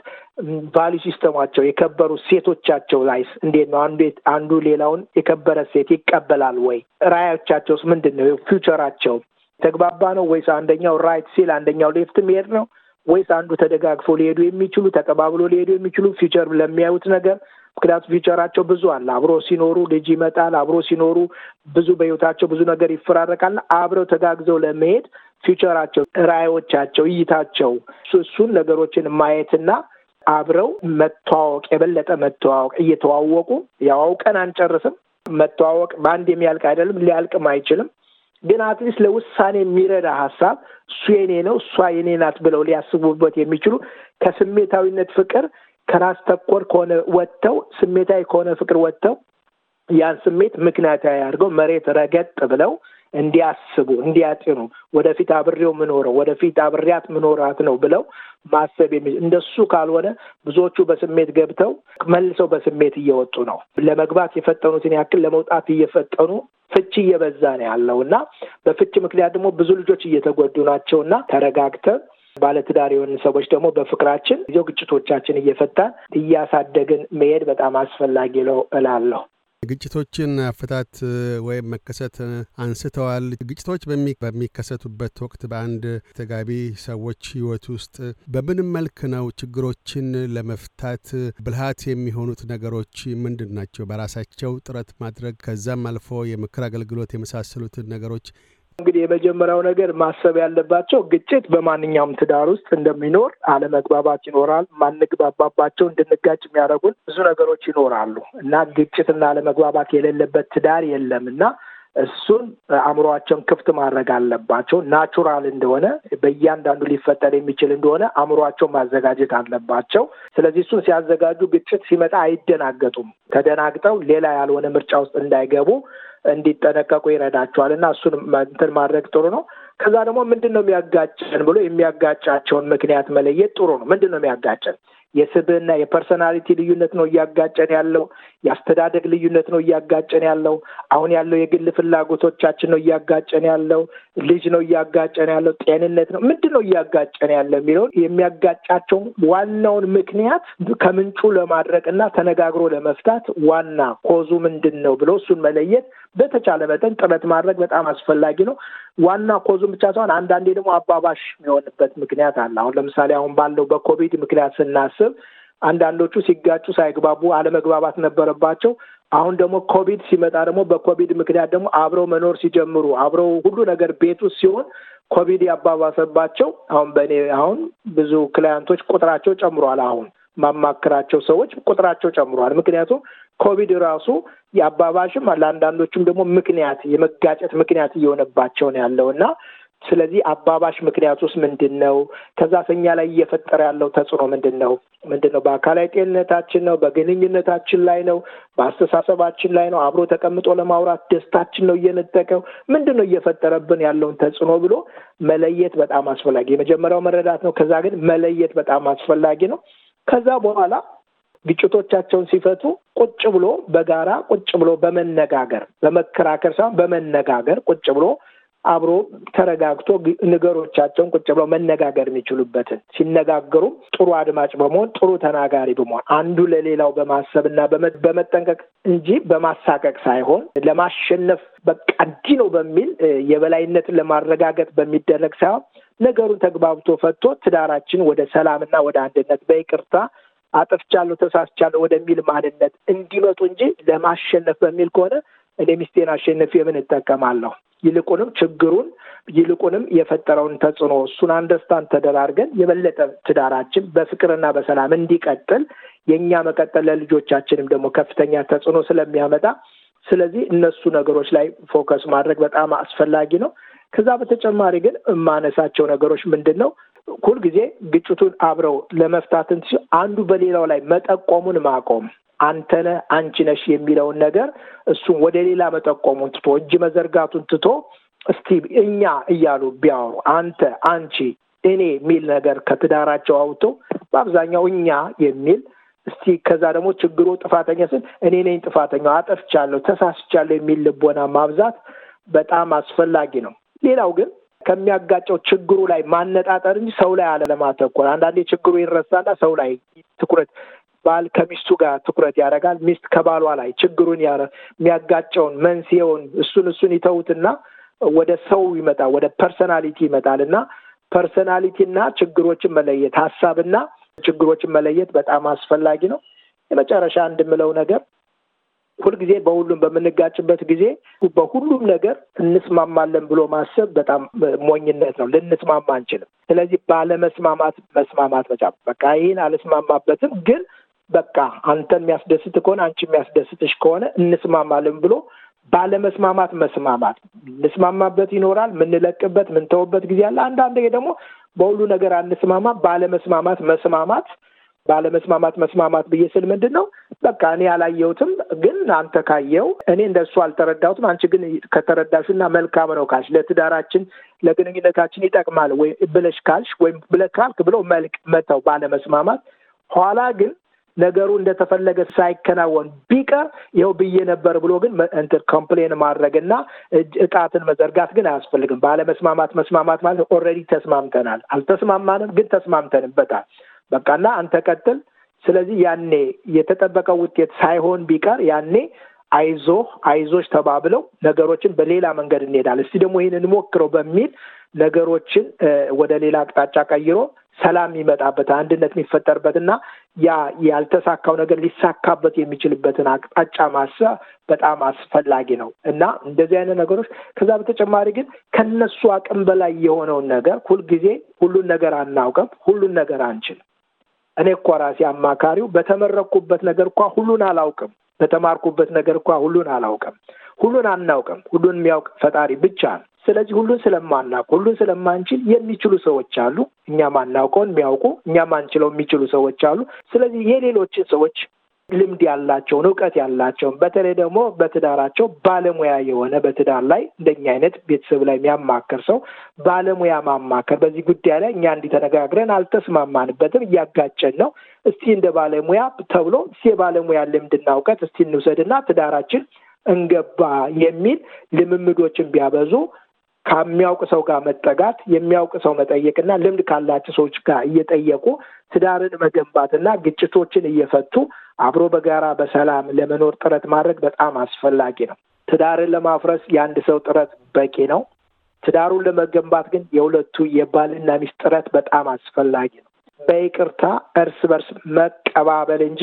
ቫሉ ሲስተማቸው የከበሩ ሴቶቻቸው ላይስ እንዴት ነው? አንዱ አንዱ ሌላውን የከበረ ሴት ይቀበላል ወይ? ራዕዮቻቸውስ ምንድን ነው? ፊውቸራቸው ተግባባ ነው ወይስ አንደኛው ራይት ሲል አንደኛው ሌፍት መሄድ ነው ወይስ አንዱ ተደጋግፎ ሊሄዱ የሚችሉ ተቀባብሎ ሊሄዱ የሚችሉ ፊውቸር ለሚያዩት ነገር ምክንያቱም ፊቸራቸው ብዙ አለ። አብሮ ሲኖሩ ልጅ ይመጣል። አብሮ ሲኖሩ ብዙ በህይወታቸው ብዙ ነገር ይፈራረቃል። አብረው ተጋግዘው ለመሄድ ፊቸራቸው፣ ራዕዮቻቸው፣ እይታቸው እሱን ነገሮችን ማየትና አብረው መተዋወቅ የበለጠ መተዋወቅ እየተዋወቁ ያው አውቀን አንጨርስም። መተዋወቅ በአንድ የሚያልቅ አይደለም፣ ሊያልቅም አይችልም። ግን አትሊስት ለውሳኔ የሚረዳ ሀሳብ እሱ የኔ ነው እሷ የኔ ናት ብለው ሊያስቡበት የሚችሉ ከስሜታዊነት ፍቅር ከራስ ተኮር ከሆነ ወጥተው ስሜታዊ ከሆነ ፍቅር ወጥተው ያን ስሜት ምክንያታዊ አድርገው መሬት ረገጥ ብለው እንዲያስቡ እንዲያጤኑ ወደፊት አብሬው ምኖረው ወደፊት አብሬያት ምኖራት ነው ብለው ማሰብ የሚ እንደሱ ካልሆነ ብዙዎቹ በስሜት ገብተው መልሰው በስሜት እየወጡ ነው። ለመግባት የፈጠኑትን ያክል ለመውጣት እየፈጠኑ ፍቺ እየበዛ ነው ያለው እና በፍቺ ምክንያት ደግሞ ብዙ ልጆች እየተጎዱ ናቸው እና ተረጋግተን ባለትዳር የሆን ሰዎች ደግሞ በፍቅራችን ጊዜው ግጭቶቻችን እየፈታን እያሳደግን መሄድ በጣም አስፈላጊ ነው እላለሁ። ግጭቶችን አፈታት ወይም መከሰት አንስተዋል። ግጭቶች በሚከሰቱበት ወቅት በአንድ ተጋቢ ሰዎች ሕይወት ውስጥ በምን መልክ ነው ችግሮችን ለመፍታት ብልሃት የሚሆኑት ነገሮች ምንድን ናቸው? በራሳቸው ጥረት ማድረግ ከዛም አልፎ የምክር አገልግሎት የመሳሰሉትን ነገሮች እንግዲህ የመጀመሪያው ነገር ማሰብ ያለባቸው ግጭት በማንኛውም ትዳር ውስጥ እንደሚኖር አለመግባባት ይኖራል። ማንግባባባቸው እንድንጋጭ የሚያደርጉን ብዙ ነገሮች ይኖራሉ እና ግጭትና አለመግባባት የሌለበት ትዳር የለም እና እሱን አእምሯቸውን ክፍት ማድረግ አለባቸው። ናቹራል እንደሆነ በእያንዳንዱ ሊፈጠር የሚችል እንደሆነ አእምሯቸው ማዘጋጀት አለባቸው። ስለዚህ እሱን ሲያዘጋጁ ግጭት ሲመጣ አይደናገጡም። ተደናግጠው ሌላ ያልሆነ ምርጫ ውስጥ እንዳይገቡ እንዲጠነቀቁ ይረዳቸዋል እና እሱን እንትን ማድረግ ጥሩ ነው። ከዛ ደግሞ ምንድን ነው የሚያጋጨን ብሎ የሚያጋጫቸውን ምክንያት መለየት ጥሩ ነው። ምንድን ነው የሚያጋጨን? የስብዕና የፐርሶናሊቲ ልዩነት ነው እያጋጨን ያለው የአስተዳደግ ልዩነት ነው እያጋጨን ያለው። አሁን ያለው የግል ፍላጎቶቻችን ነው እያጋጨን ያለው። ልጅ ነው እያጋጨን ያለው። ጤንነት ነው ምንድን ነው እያጋጨን ያለ የሚለውን የሚያጋጫቸው ዋናውን ምክንያት ከምንጩ ለማድረቅ እና ተነጋግሮ ለመፍታት ዋና ኮዙ ምንድን ነው ብሎ እሱን መለየት በተቻለ መጠን ጥረት ማድረግ በጣም አስፈላጊ ነው። ዋና ኮዙን ብቻ ሳይሆን አንዳንዴ ደግሞ አባባሽ የሚሆንበት ምክንያት አለ። አሁን ለምሳሌ አሁን ባለው በኮቪድ ምክንያት ስናስብ አንዳንዶቹ ሲጋጩ ሳይግባቡ አለመግባባት ነበረባቸው። አሁን ደግሞ ኮቪድ ሲመጣ ደግሞ በኮቪድ ምክንያት ደግሞ አብረው መኖር ሲጀምሩ አብረው ሁሉ ነገር ቤት ውስጥ ሲሆን ኮቪድ ያባባሰባቸው አሁን በእኔ አሁን ብዙ ክላያንቶች ቁጥራቸው ጨምሯል። አሁን ማማክራቸው ሰዎች ቁጥራቸው ጨምሯል። ምክንያቱም ኮቪድ ራሱ የአባባሽም ለአንዳንዶቹም ደግሞ ምክንያት የመጋጨት ምክንያት እየሆነባቸው ነው ያለው እና ስለዚህ አባባሽ ምክንያት ውስጥ ምንድን ነው? ከዛ ሰኛ ላይ እየፈጠረ ያለው ተጽዕኖ ምንድን ነው? ምንድን ነው? በአካላዊ ጤንነታችን ነው? በግንኙነታችን ላይ ነው? በአስተሳሰባችን ላይ ነው? አብሮ ተቀምጦ ለማውራት ደስታችን ነው እየነጠቀው? ምንድን ነው እየፈጠረብን ያለውን ተጽዕኖ ብሎ መለየት በጣም አስፈላጊ የመጀመሪያው መረዳት ነው። ከዛ ግን መለየት በጣም አስፈላጊ ነው። ከዛ በኋላ ግጭቶቻቸውን ሲፈቱ ቁጭ ብሎ በጋራ ቁጭ ብሎ በመነጋገር በመከራከር ሳይሆን በመነጋገር ቁጭ ብሎ አብሮ ተረጋግቶ ነገሮቻቸውን ቁጭ ብለው መነጋገር የሚችሉበትን ሲነጋገሩም ጥሩ አድማጭ በመሆን ጥሩ ተናጋሪ በመሆን አንዱ ለሌላው በማሰብ እና በመጠንቀቅ እንጂ በማሳቀቅ ሳይሆን ለማሸነፍ በቃ እንዲህ ነው በሚል የበላይነትን ለማረጋገጥ በሚደረግ ሳይሆን ነገሩን ተግባብቶ ፈቶ ትዳራችን ወደ ሰላምና ወደ አንድነት በይቅርታ አጥፍቻለሁ፣ ተሳስቻለሁ ወደሚል ማንነት እንዲመጡ እንጂ ለማሸነፍ በሚል ከሆነ እኔ ሚስቴን አሸንፌ የምን እጠቀማለሁ? ይልቁንም ችግሩን ይልቁንም የፈጠረውን ተጽዕኖ እሱን አንደስታን ተደራርገን የበለጠ ትዳራችን በፍቅርና በሰላም እንዲቀጥል የእኛ መቀጠል ለልጆቻችንም ደግሞ ከፍተኛ ተጽዕኖ ስለሚያመጣ ስለዚህ እነሱ ነገሮች ላይ ፎከስ ማድረግ በጣም አስፈላጊ ነው። ከዛ በተጨማሪ ግን የማነሳቸው ነገሮች ምንድን ነው? ሁልጊዜ ግጭቱን አብረው ለመፍታትን አንዱ በሌላው ላይ መጠቆሙን ማቆም አንተ ነህ አንቺ ነሽ የሚለውን ነገር እሱን ወደ ሌላ መጠቆሙን ትቶ እጅ መዘርጋቱን ትቶ እስቲ እኛ እያሉ ቢያወሩ አንተ አንቺ እኔ የሚል ነገር ከትዳራቸው አውቶ በአብዛኛው እኛ የሚል እስቲ ከዛ ደግሞ ችግሩ ጥፋተኛ ስል እኔ ነኝ ጥፋተኛው፣ አጠፍቻለሁ፣ ተሳስቻለሁ የሚል ልቦና ማብዛት በጣም አስፈላጊ ነው። ሌላው ግን ከሚያጋጨው ችግሩ ላይ ማነጣጠር እንጂ ሰው ላይ አለለማተኮር አንዳንዴ ችግሩ ይረሳና ሰው ላይ ትኩረት ባል ከሚስቱ ጋር ትኩረት ያደርጋል። ሚስት ከባሏ ላይ ችግሩን ያ የሚያጋጨውን መንስኤውን እሱን እሱን ይተውትና ወደ ሰው ይመጣል፣ ወደ ፐርሰናሊቲ ይመጣል እና ፐርሰናሊቲና ችግሮችን መለየት ሀሳብና ችግሮችን መለየት በጣም አስፈላጊ ነው። የመጨረሻ እንድምለው ነገር ሁልጊዜ በሁሉም በምንጋጭበት ጊዜ በሁሉም ነገር እንስማማለን ብሎ ማሰብ በጣም ሞኝነት ነው። ልንስማማ አንችልም። ስለዚህ ባለመስማማት መስማማት መጫ በቃ ይህን አልስማማበትም፣ ግን በቃ አንተ የሚያስደስት ከሆነ አንቺ የሚያስደስትሽ ከሆነ እንስማማለን ብሎ ባለመስማማት መስማማት እንስማማበት ይኖራል። ምንለቅበት ምንተውበት ጊዜ አለ። አንዳንዴ ደግሞ በሁሉ ነገር አንስማማ ባለመስማማት መስማማት ባለመስማማት መስማማት ብዬ ስል ምንድን ነው በቃ እኔ ያላየሁትም ግን አንተ ካየው እኔ እንደሱ አልተረዳሁትም፣ አንቺ ግን ከተረዳሽና መልካም ነው ካልሽ ለትዳራችን ለግንኙነታችን ይጠቅማል ወይ ብለሽ ካልሽ ወይም ብለህ ካልክ ብሎ መልክ መተው ባለመስማማት ኋላ ግን ነገሩ እንደተፈለገ ሳይከናወን ቢቀር ይኸው ብዬ ነበር ብሎ ግን እንትን ኮምፕሌን ማድረግና እጣትን መዘርጋት ግን አያስፈልግም። ባለመስማማት መስማማት ማለት ኦልሬዲ ተስማምተናል። አልተስማማንም፣ ግን ተስማምተንበታል። በቃና አንተ ቀጥል። ስለዚህ ያኔ የተጠበቀ ውጤት ሳይሆን ቢቀር ያኔ አይዞ አይዞች ተባብለው ነገሮችን በሌላ መንገድ እንሄዳለን። እስቲ ደግሞ ይህን እንሞክረው በሚል ነገሮችን ወደ ሌላ አቅጣጫ ቀይሮ ሰላም የሚመጣበት አንድነት የሚፈጠርበት እና ያ ያልተሳካው ነገር ሊሳካበት የሚችልበትን አቅጣጫ ማሰብ በጣም አስፈላጊ ነው እና እንደዚህ አይነት ነገሮች። ከዛ በተጨማሪ ግን ከነሱ አቅም በላይ የሆነውን ነገር ሁልጊዜ ሁሉን ነገር አናውቅም፣ ሁሉን ነገር አንችልም። እኔ እኮ ራሴ አማካሪው በተመረኩበት ነገር እኳ ሁሉን አላውቅም፣ በተማርኩበት ነገር እኳ ሁሉን አላውቅም። ሁሉን አናውቅም። ሁሉን የሚያውቅ ፈጣሪ ብቻ ነው። ስለዚህ ሁሉን ስለማናውቅ ሁሉን ስለማንችል የሚችሉ ሰዎች አሉ። እኛ ማናውቀውን የሚያውቁ እኛ ማንችለው የሚችሉ ሰዎች አሉ። ስለዚህ የሌሎችን ሰዎች ልምድ ያላቸውን እውቀት ያላቸውን በተለይ ደግሞ በትዳራቸው ባለሙያ የሆነ በትዳር ላይ እንደኛ አይነት ቤተሰብ ላይ የሚያማክር ሰው ባለሙያ ማማከር፣ በዚህ ጉዳይ ላይ እኛ እንዲተነጋግረን ተነጋግረን አልተስማማንበትም፣ እያጋጨን ነው፣ እስቲ እንደ ባለሙያ ተብሎ እስቲ የባለሙያ ልምድና እውቀት እስቲ እንውሰድና ትዳራችን እንገባ የሚል ልምምዶችን ቢያበዙ ከሚያውቅ ሰው ጋር መጠጋት የሚያውቅ ሰው መጠየቅና ልምድ ካላቸው ሰዎች ጋር እየጠየቁ ትዳርን መገንባትና ግጭቶችን እየፈቱ አብሮ በጋራ በሰላም ለመኖር ጥረት ማድረግ በጣም አስፈላጊ ነው። ትዳርን ለማፍረስ የአንድ ሰው ጥረት በቂ ነው። ትዳሩን ለመገንባት ግን የሁለቱ የባልና ሚስት ጥረት በጣም አስፈላጊ ነው። በይቅርታ እርስ በርስ መቀባበል እንጂ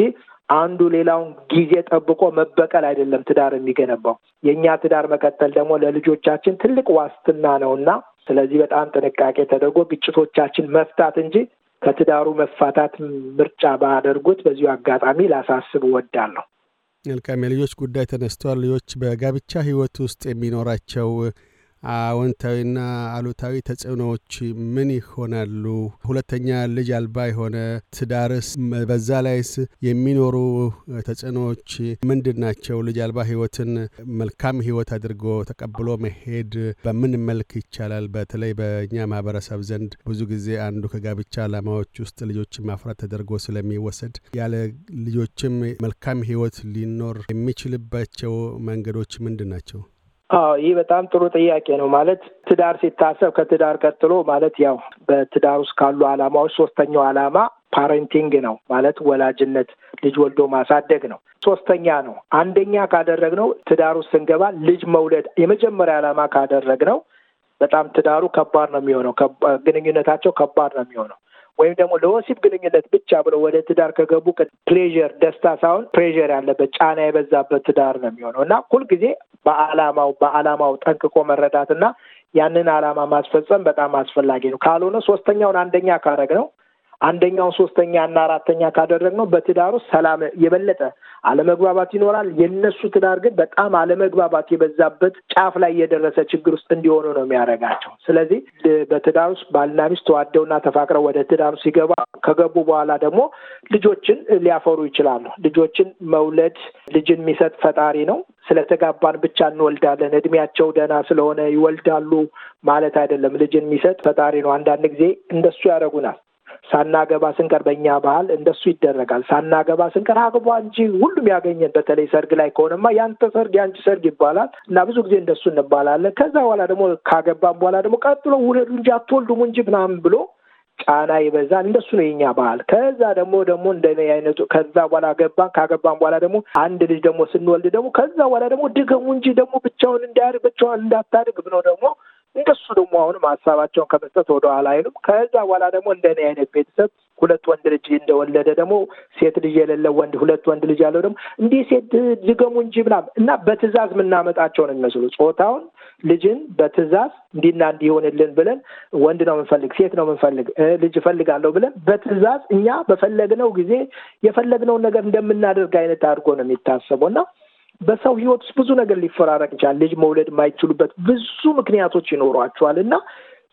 አንዱ ሌላውን ጊዜ ጠብቆ መበቀል አይደለም ትዳር የሚገነባው። የእኛ ትዳር መቀጠል ደግሞ ለልጆቻችን ትልቅ ዋስትና ነው እና ስለዚህ በጣም ጥንቃቄ ተደርጎ ግጭቶቻችን መፍታት እንጂ ከትዳሩ መፋታት ምርጫ ባደርጉት በዚሁ አጋጣሚ ላሳስብ እወዳለሁ። መልካም፣ የልጆች ጉዳይ ተነስቷል። ልጆች በጋብቻ ህይወት ውስጥ የሚኖራቸው አዎንታዊና አሉታዊ ተጽዕኖዎች ምን ይሆናሉ? ሁለተኛ ልጅ አልባ የሆነ ትዳርስ፣ በዛ ላይስ የሚኖሩ ተጽዕኖዎች ምንድን ናቸው? ልጅ አልባ ህይወትን መልካም ህይወት አድርጎ ተቀብሎ መሄድ በምን መልክ ይቻላል? በተለይ በእኛ ማህበረሰብ ዘንድ ብዙ ጊዜ አንዱ ከጋብቻ ዓላማዎች ውስጥ ልጆችን ማፍራት ተደርጎ ስለሚወሰድ ያለ ልጆችም መልካም ህይወት ሊኖር የሚችልባቸው መንገዶች ምንድን ናቸው? አዎ ይህ በጣም ጥሩ ጥያቄ ነው። ማለት ትዳር ሲታሰብ ከትዳር ቀጥሎ ማለት ያው በትዳር ውስጥ ካሉ አላማዎች ሶስተኛው አላማ ፓረንቲንግ ነው ማለት ወላጅነት፣ ልጅ ወልዶ ማሳደግ ነው። ሶስተኛ ነው አንደኛ ካደረግነው ትዳር ውስጥ ስንገባ ልጅ መውለድ የመጀመሪያ ዓላማ ካደረግነው በጣም ትዳሩ ከባድ ነው የሚሆነው፣ ግንኙነታቸው ከባድ ነው የሚሆነው። ወይም ደግሞ ለወሲብ ግንኙነት ብቻ ብለው ወደ ትዳር ከገቡ ፕሌዠር ደስታ ሳይሆን ፕሬዠር ያለበት ጫና የበዛበት ትዳር ነው የሚሆነው እና ሁልጊዜ በአላማው በአላማው ጠንቅቆ መረዳት እና ያንን አላማ ማስፈጸም በጣም አስፈላጊ ነው። ካልሆነ ሶስተኛውን አንደኛ ካደረግነው አንደኛውን ሶስተኛ እና አራተኛ ካደረግነው በትዳር ውስጥ ሰላም የበለጠ አለመግባባት ይኖራል። የነሱ ትዳር ግን በጣም አለመግባባት የበዛበት ጫፍ ላይ የደረሰ ችግር ውስጥ እንዲሆኑ ነው የሚያደርጋቸው። ስለዚህ በትዳር ውስጥ ባልና ሚስት ተዋደውና ተፋቅረው ወደ ትዳሩ ሲገባ ከገቡ በኋላ ደግሞ ልጆችን ሊያፈሩ ይችላሉ። ልጆችን መውለድ ልጅን የሚሰጥ ፈጣሪ ነው። ስለተጋባን ብቻ እንወልዳለን፣ እድሜያቸው ደህና ስለሆነ ይወልዳሉ ማለት አይደለም። ልጅን የሚሰጥ ፈጣሪ ነው። አንዳንድ ጊዜ እንደሱ ያደርጉናል። ሳናገባ ስንቀር በእኛ ባህል እንደሱ ይደረጋል። ሳናገባ ስንቀር አግቧ እንጂ ሁሉም ያገኘን፣ በተለይ ሰርግ ላይ ከሆነማ ያንተ ሰርግ ያንቺ ሰርግ ይባላል እና ብዙ ጊዜ እንደሱ እንባላለን። ከዛ በኋላ ደግሞ ካገባም በኋላ ደግሞ ቀጥሎ ውለዱ እንጂ አትወልዱም እንጂ ምናምን ብሎ ጫና ይበዛል። እንደሱ ነው የኛ ባህል። ከዛ ደግሞ ደግሞ እንደ አይነቱ ከዛ በኋላ ገባን ካገባን በኋላ ደግሞ አንድ ልጅ ደግሞ ስንወልድ ደግሞ ከዛ በኋላ ደግሞ ድገሙ እንጂ ደግሞ ብቻውን እንዳያድግ ብቻውን እንዳታድግ ብሎ ደግሞ እነሱ ደግሞ አሁንም ሀሳባቸውን ከመስጠት ወደ ኋላ አይሉም። ከዛ በኋላ ደግሞ እንደኔ አይነት ቤተሰብ ሁለት ወንድ ልጅ እንደወለደ ደግሞ ሴት ልጅ የሌለ ወንድ ሁለት ወንድ ልጅ ያለው ደግሞ እንዲህ ሴት ልገሙ እንጂ ምናምን እና በትዕዛዝ የምናመጣቸው ነው የሚመስሉ ጾታውን ልጅን በትዕዛዝ እንዲና እንዲሆንልን ብለን ወንድ ነው የምንፈልግ፣ ሴት ነው የምንፈልግ፣ ልጅ እፈልጋለሁ ብለን በትዕዛዝ እኛ በፈለግነው ጊዜ የፈለግነውን ነገር እንደምናደርግ አይነት አድርጎ ነው የሚታሰበው እና በሰው ህይወት ውስጥ ብዙ ነገር ሊፈራረቅ ይችላል። ልጅ መውለድ የማይችሉበት ብዙ ምክንያቶች ይኖሯቸዋል እና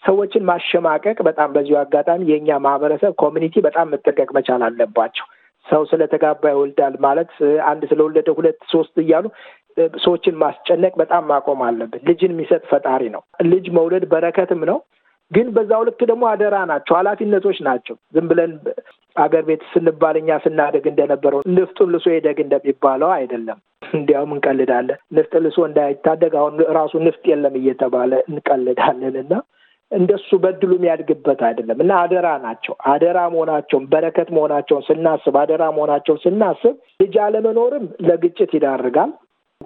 ሰዎችን ማሸማቀቅ በጣም በዚሁ አጋጣሚ የእኛ ማህበረሰብ ኮሚኒቲ በጣም መጠቀቅ መቻል አለባቸው። ሰው ስለተጋባ ይወልዳል ማለት አንድ ስለወለደ ሁለት ሶስት እያሉ ሰዎችን ማስጨነቅ በጣም ማቆም አለብን። ልጅን የሚሰጥ ፈጣሪ ነው። ልጅ መውለድ በረከትም ነው። ግን በዛው ልክ ደግሞ አደራ ናቸው፣ ኃላፊነቶች ናቸው። ዝም ብለን አገር ቤት ስንባል እኛ ስናደግ እንደነበረው ንፍጡን ልሶ የደግ እንደሚባለው አይደለም። እንዲያውም እንቀልዳለን። ንፍጥ ልሶ እንዳይታደግ አሁን ራሱ ንፍጥ የለም እየተባለ እንቀልዳለን እና እንደሱ በድሉ የሚያድግበት አይደለም እና አደራ ናቸው። አደራ መሆናቸውን በረከት መሆናቸውን ስናስብ፣ አደራ መሆናቸውን ስናስብ ልጅ አለመኖርም ለግጭት ይዳርጋል።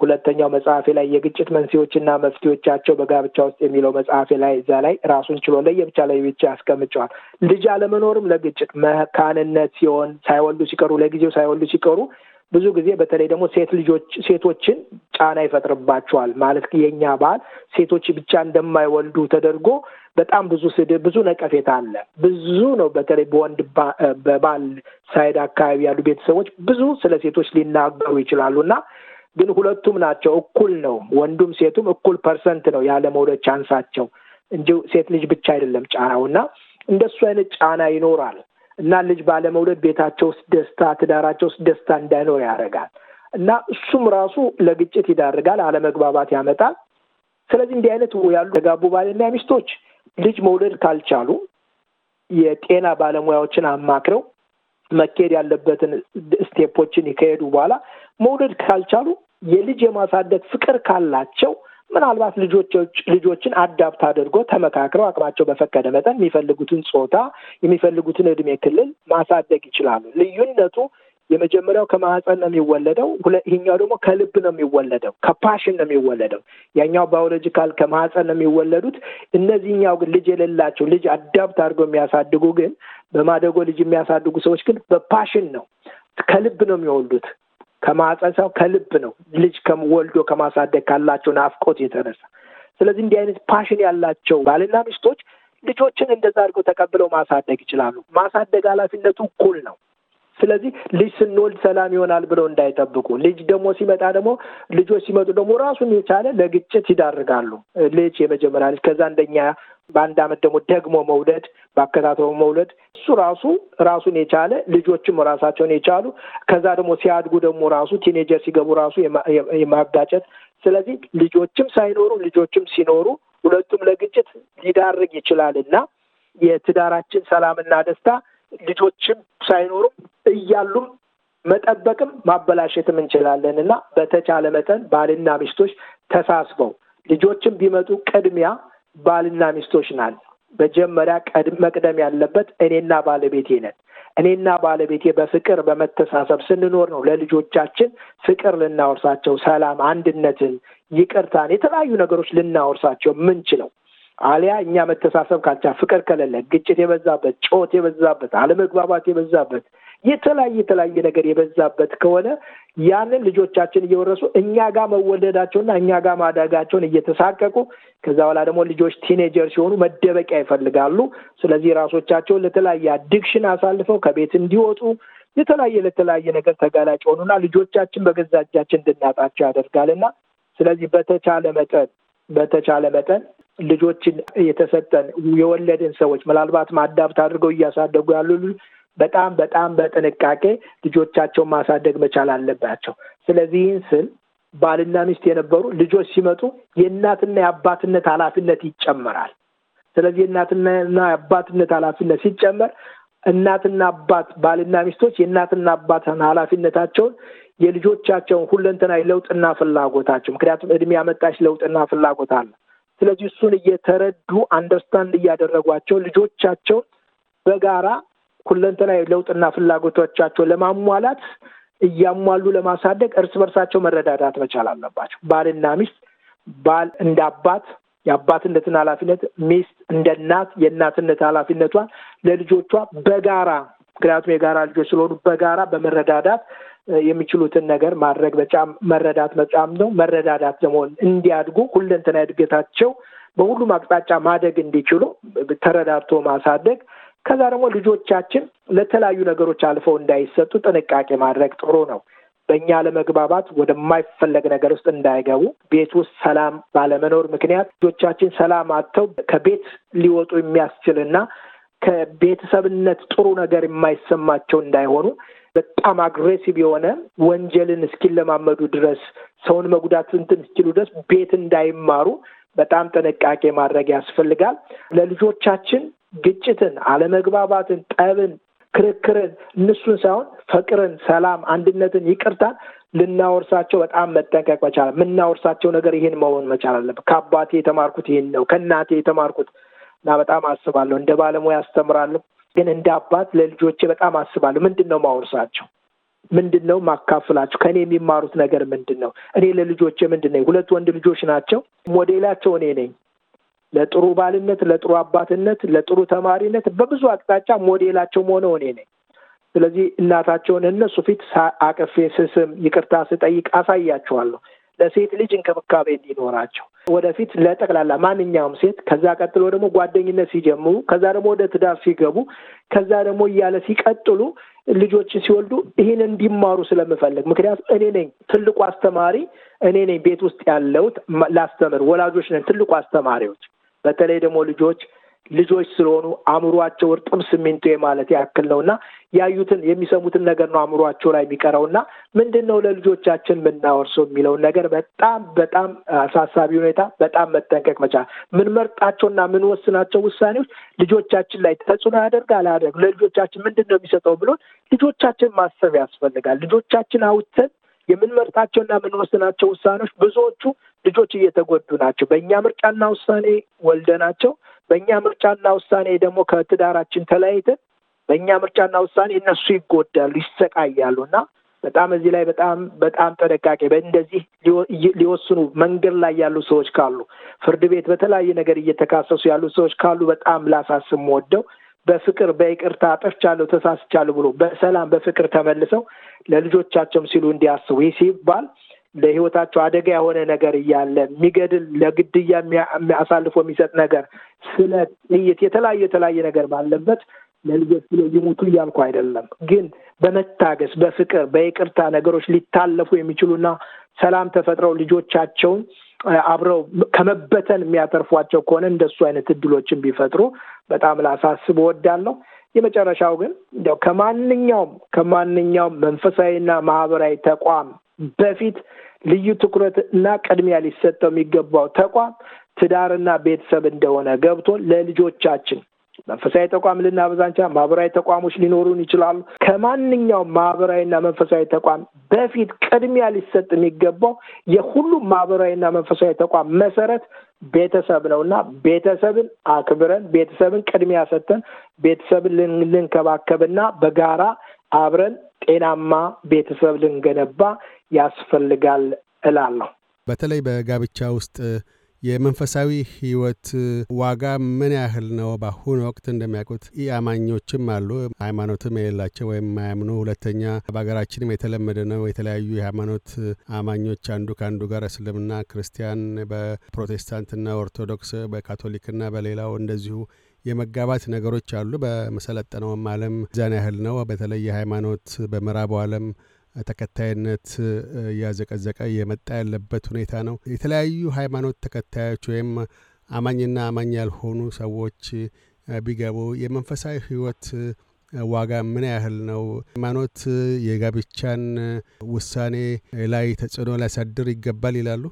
ሁለተኛው መጽሐፌ ላይ የግጭት መንስኤዎችና መፍትሄዎቻቸው በጋብቻ ውስጥ የሚለው መጽሐፌ ላይ እዛ ላይ ራሱን ችሎ ለየብቻ ለየብቻ ያስቀምጨዋል። ልጅ አለመኖርም ለግጭት መካንነት ሲሆን ሳይወልዱ ሲቀሩ ለጊዜው ሳይወልዱ ሲቀሩ ብዙ ጊዜ በተለይ ደግሞ ሴት ልጆች ሴቶችን ጫና ይፈጥርባቸዋል። ማለት የእኛ ባህል ሴቶች ብቻ እንደማይወልዱ ተደርጎ በጣም ብዙ ስድብ፣ ብዙ ነቀፌታ አለ። ብዙ ነው። በተለይ በወንድ በባል ሳይድ አካባቢ ያሉ ቤተሰቦች ብዙ ስለ ሴቶች ሊናገሩ ይችላሉ እና ግን ሁለቱም ናቸው እኩል ነው። ወንዱም ሴቱም እኩል ፐርሰንት ነው ያለ መውለድ ቻንሳቸው እንጂ ሴት ልጅ ብቻ አይደለም ጫናው እና እንደሱ አይነት ጫና ይኖራል እና ልጅ ባለመውለድ ቤታቸው ውስጥ ደስታ፣ ትዳራቸው ውስጥ ደስታ እንዳይኖር ያደርጋል እና እሱም ራሱ ለግጭት ይዳርጋል፣ አለመግባባት ያመጣል። ስለዚህ እንዲህ አይነት ያሉ ተጋቡ ባልና ሚስቶች ልጅ መውለድ ካልቻሉ የጤና ባለሙያዎችን አማክረው መካሄድ ያለበትን ስቴፖችን ከሄዱ በኋላ መውለድ ካልቻሉ የልጅ የማሳደግ ፍቅር ካላቸው ምናልባት ልጆች ልጆችን አዳብት አድርጎ ተመካክረው አቅማቸው በፈቀደ መጠን የሚፈልጉትን ጾታ የሚፈልጉትን እድሜ ክልል ማሳደግ ይችላሉ። ልዩነቱ የመጀመሪያው ከማህፀን ነው የሚወለደው። ይህኛው ደግሞ ከልብ ነው የሚወለደው፣ ከፓሽን ነው የሚወለደው። ያኛው ባዮሎጂካል ከማህፀን ነው የሚወለዱት። እነዚህኛው ግን ልጅ የሌላቸው ልጅ አዳብት አድርገው የሚያሳድጉ ግን በማደጎ ልጅ የሚያሳድጉ ሰዎች ግን በፓሽን ነው ከልብ ነው የሚወልዱት። ከማህፀን ከልብ ነው ልጅ ወልዶ ከማሳደግ ካላቸው ናፍቆት የተነሳ ስለዚህ እንዲህ አይነት ፓሽን ያላቸው ባልና ሚስቶች ልጆችን እንደዛ አድርገው ተቀብለው ማሳደግ ይችላሉ። ማሳደግ ኃላፊነቱ እኩል ነው። ስለዚህ ልጅ ስንወልድ ሰላም ይሆናል ብለው እንዳይጠብቁ፣ ልጅ ደግሞ ሲመጣ ደግሞ ልጆች ሲመጡ ደግሞ ራሱን የቻለ ለግጭት ይዳርጋሉ። ልጅ የመጀመሪያ ልጅ ከዛ አንደኛ በአንድ አመት ደግሞ ደግሞ መውለድ በአከታትሎ መውለድ እሱ ራሱ ራሱን የቻለ ልጆችም ራሳቸውን የቻሉ ከዛ ደግሞ ሲያድጉ ደግሞ ራሱ ቲኔጀር ሲገቡ ራሱ የማጋጨት ስለዚህ ልጆችም ሳይኖሩ ልጆችም ሲኖሩ ሁለቱም ለግጭት ሊዳርግ ይችላል እና የትዳራችን ሰላምና ደስታ ልጆችም ሳይኖሩም እያሉም መጠበቅም ማበላሸትም እንችላለን እና በተቻለ መጠን ባልና ሚስቶች ተሳስበው ልጆችም ቢመጡ ቅድሚያ ባልና ሚስቶች ናል መጀመሪያ መቅደም ያለበት እኔና ባለቤቴ ነን። እኔና ባለቤቴ በፍቅር በመተሳሰብ ስንኖር ነው ለልጆቻችን ፍቅር ልናወርሳቸው፣ ሰላም፣ አንድነትን፣ ይቅርታን የተለያዩ ነገሮች ልናወርሳቸው ምንችለው። አሊያ እኛ መተሳሰብ ካልቻ ፍቅር ከሌለ ግጭት የበዛበት ጮት የበዛበት አለመግባባት የበዛበት የተለያየ የተለያየ ነገር የበዛበት ከሆነ ያንን ልጆቻችን እየወረሱ እኛ ጋር መወለዳቸውና እኛ ጋር ማደጋቸውን እየተሳቀቁ ከዛ በኋላ ደግሞ ልጆች ቲኔጀር ሲሆኑ መደበቂያ ይፈልጋሉ። ስለዚህ ራሶቻቸውን ለተለያየ አዲክሽን አሳልፈው ከቤት እንዲወጡ የተለያየ ለተለያየ ነገር ተጋላጭ ሆኑና ልጆቻችን በገዛ እጃችን እንድናጣቸው ያደርጋልና ስለዚህ በተቻለ መጠን በተቻለ መጠን ልጆችን የተሰጠን የወለድን ሰዎች ምናልባት ማዳብት አድርገው እያሳደጉ ያሉ በጣም በጣም በጥንቃቄ ልጆቻቸውን ማሳደግ መቻል አለባቸው። ስለዚህ ስል ባልና ሚስት የነበሩ ልጆች ሲመጡ የእናትና የአባትነት ኃላፊነት ይጨመራል። ስለዚህ የእናትና የአባትነት ኃላፊነት ሲጨመር እናትና አባት ባልና ሚስቶች የእናትና አባትን ኃላፊነታቸውን የልጆቻቸውን ሁለንተናዊ ለውጥና ፍላጎታቸው ምክንያቱም እድሜ ያመጣሽ ለውጥና ፍላጎት አለ ስለዚህ እሱን እየተረዱ አንደርስታንድ እያደረጓቸው ልጆቻቸውን በጋራ ሁለንተናዊ ለውጥና ፍላጎቶቻቸው ለማሟላት እያሟሉ ለማሳደግ እርስ በርሳቸው መረዳዳት መቻል አለባቸው። ባልና ሚስት ባል እንደ አባት የአባትነትን ኃላፊነት ሚስት እንደ እናት የእናትነት ኃላፊነቷን ለልጆቿ በጋራ ምክንያቱም የጋራ ልጆች ስለሆኑ በጋራ በመረዳዳት የሚችሉትን ነገር ማድረግ በጣም መረዳት በጣም ነው መረዳዳት ደግሞ እንዲያድጉ ሁለንተና እድገታቸው በሁሉም አቅጣጫ ማደግ እንዲችሉ ተረዳድቶ ማሳደግ ከዛ ደግሞ ልጆቻችን ለተለያዩ ነገሮች አልፈው እንዳይሰጡ ጥንቃቄ ማድረግ ጥሩ ነው። በእኛ ለመግባባት ወደማይፈለግ ነገር ውስጥ እንዳይገቡ ቤት ውስጥ ሰላም ባለመኖር ምክንያት ልጆቻችን ሰላም አጥተው ከቤት ሊወጡ የሚያስችልና ከቤተሰብነት ጥሩ ነገር የማይሰማቸው እንዳይሆኑ በጣም አግሬሲቭ የሆነ ወንጀልን እስኪለማመዱ ድረስ ሰውን መጉዳት እንትን እስኪሉ ድረስ ቤት እንዳይማሩ በጣም ጥንቃቄ ማድረግ ያስፈልጋል። ለልጆቻችን ግጭትን፣ አለመግባባትን፣ ጠብን፣ ክርክርን እነሱን ሳይሆን ፍቅርን፣ ሰላም፣ አንድነትን፣ ይቅርታን ልናወርሳቸው በጣም መጠንቀቅ መቻል የምናወርሳቸው ነገር ይህን መሆን መቻል አለብን። ከአባቴ የተማርኩት ይህን ነው፣ ከእናቴ የተማርኩት እና በጣም አስባለሁ። እንደ ባለሙያ አስተምራለሁ። ግን እንደ አባት ለልጆቼ በጣም አስባለሁ። ምንድን ነው ማወርሳቸው? ምንድን ነው ማካፍላቸው? ከእኔ የሚማሩት ነገር ምንድን ነው? እኔ ለልጆቼ ምንድን ነኝ? ሁለት ወንድ ልጆች ናቸው። ሞዴላቸው እኔ ነኝ። ለጥሩ ባልነት፣ ለጥሩ አባትነት፣ ለጥሩ ተማሪነት በብዙ አቅጣጫ ሞዴላቸው መሆነው እኔ ነኝ። ስለዚህ እናታቸውን እነሱ ፊት አቅፌ ስስም ይቅርታ ስጠይቅ አሳያቸዋለሁ። ለሴት ልጅ እንክብካቤ እንዲኖራቸው ወደፊት ለጠቅላላ ማንኛውም ሴት ከዛ ቀጥሎ ደግሞ ጓደኝነት ሲጀምሩ ከዛ ደግሞ ወደ ትዳር ሲገቡ ከዛ ደግሞ እያለ ሲቀጥሉ ልጆች ሲወልዱ ይህን እንዲማሩ ስለምፈልግ፣ ምክንያቱም እኔ ነኝ ትልቁ አስተማሪ፣ እኔ ነኝ ቤት ውስጥ ያለሁት ላስተምር። ወላጆች ነን ትልቁ አስተማሪዎች። በተለይ ደግሞ ልጆች ልጆች ስለሆኑ አእምሯቸው እርጥብ ሲሚንቶ ማለት ያክል ነው እና ያዩትን የሚሰሙትን ነገር ነው አእምሯቸው ላይ የሚቀረው እና ምንድን ነው ለልጆቻችን የምናወርሰው የሚለውን ነገር በጣም በጣም አሳሳቢ ሁኔታ በጣም መጠንቀቅ መቻል። ምንመርጣቸውና ምንወስናቸው ውሳኔዎች ልጆቻችን ላይ ተጽዕኖ ያደርግ አላደርግ ለልጆቻችን ምንድን ነው የሚሰጠው ብሎን ልጆቻችን ማሰብ ያስፈልጋል። ልጆቻችን አውጥተን የምንመርጣቸውና የምንወስናቸው ውሳኔዎች ብዙዎቹ ልጆች እየተጎዱ ናቸው። በእኛ ምርጫና ውሳኔ ወልደናቸው በእኛ ምርጫና ውሳኔ ደግሞ ከትዳራችን ተለያይተን በእኛ ምርጫና ውሳኔ እነሱ ይጎዳሉ፣ ይሰቃያሉ እና በጣም እዚህ ላይ በጣም በጣም ጥንቃቄ እንደዚህ ሊወስኑ መንገድ ላይ ያሉ ሰዎች ካሉ፣ ፍርድ ቤት በተለያየ ነገር እየተካሰሱ ያሉ ሰዎች ካሉ በጣም ላሳስም ወደው በፍቅር በይቅርታ አጥፍቻለሁ፣ ተሳስቻለሁ ብሎ በሰላም በፍቅር ተመልሰው ለልጆቻቸውም ሲሉ እንዲያስቡ ይህ ሲባል ለህይወታቸው አደጋ የሆነ ነገር እያለ የሚገድል ለግድያ አሳልፎ የሚሰጥ ነገር፣ ስለ ጥይት፣ የተለያየ የተለያየ ነገር ባለበት ለልጆች ብሎ ይሙቱ እያልኩ አይደለም። ግን በመታገስ በፍቅር በይቅርታ ነገሮች ሊታለፉ የሚችሉና ሰላም ተፈጥረው ልጆቻቸውን አብረው ከመበተን የሚያተርፏቸው ከሆነ እንደሱ አይነት እድሎችን ቢፈጥሩ በጣም ላሳስብ እወዳለሁ። የመጨረሻው ግን ከማንኛውም ከማንኛውም መንፈሳዊና ማህበራዊ ተቋም በፊት ልዩ ትኩረት እና ቅድሚያ ሊሰጠው የሚገባው ተቋም ትዳርና ቤተሰብ እንደሆነ ገብቶ ለልጆቻችን መንፈሳዊ ተቋም ልናበዛንቻ ማህበራዊ ተቋሞች ሊኖሩን ይችላሉ። ከማንኛውም ማህበራዊና መንፈሳዊ ተቋም በፊት ቅድሚያ ሊሰጥ የሚገባው የሁሉም ማህበራዊና መንፈሳዊ ተቋም መሰረት ቤተሰብ ነው እና ቤተሰብን አክብረን ቤተሰብን ቅድሚያ ሰጥተን ቤተሰብን ልንከባከብና በጋራ አብረን ጤናማ ቤተሰብ ልንገነባ ያስፈልጋል እላለሁ። በተለይ በጋብቻ ውስጥ የመንፈሳዊ ሕይወት ዋጋ ምን ያህል ነው? በአሁኑ ወቅት እንደሚያውቁት አማኞችም አሉ፣ ሃይማኖትም የሌላቸው ወይም ማያምኑ። ሁለተኛ በሀገራችንም የተለመደ ነው። የተለያዩ የሃይማኖት አማኞች አንዱ ከአንዱ ጋር እስልምና፣ ክርስቲያን በፕሮቴስታንትና ኦርቶዶክስ፣ በካቶሊክና በሌላው እንደዚሁ የመጋባት ነገሮች አሉ። በመሰለጠነውም ዓለም ዛን ያህል ነው። በተለይ የሃይማኖት በምዕራቡ ዓለም ተከታይነት እያዘቀዘቀ የመጣ ያለበት ሁኔታ ነው። የተለያዩ ሃይማኖት ተከታዮች ወይም አማኝና አማኝ ያልሆኑ ሰዎች ቢገቡ የመንፈሳዊ ህይወት ዋጋ ምን ያህል ነው? ሃይማኖት የጋብቻን ውሳኔ ላይ ተጽዕኖ ሊያሳድር ይገባል ይላሉ?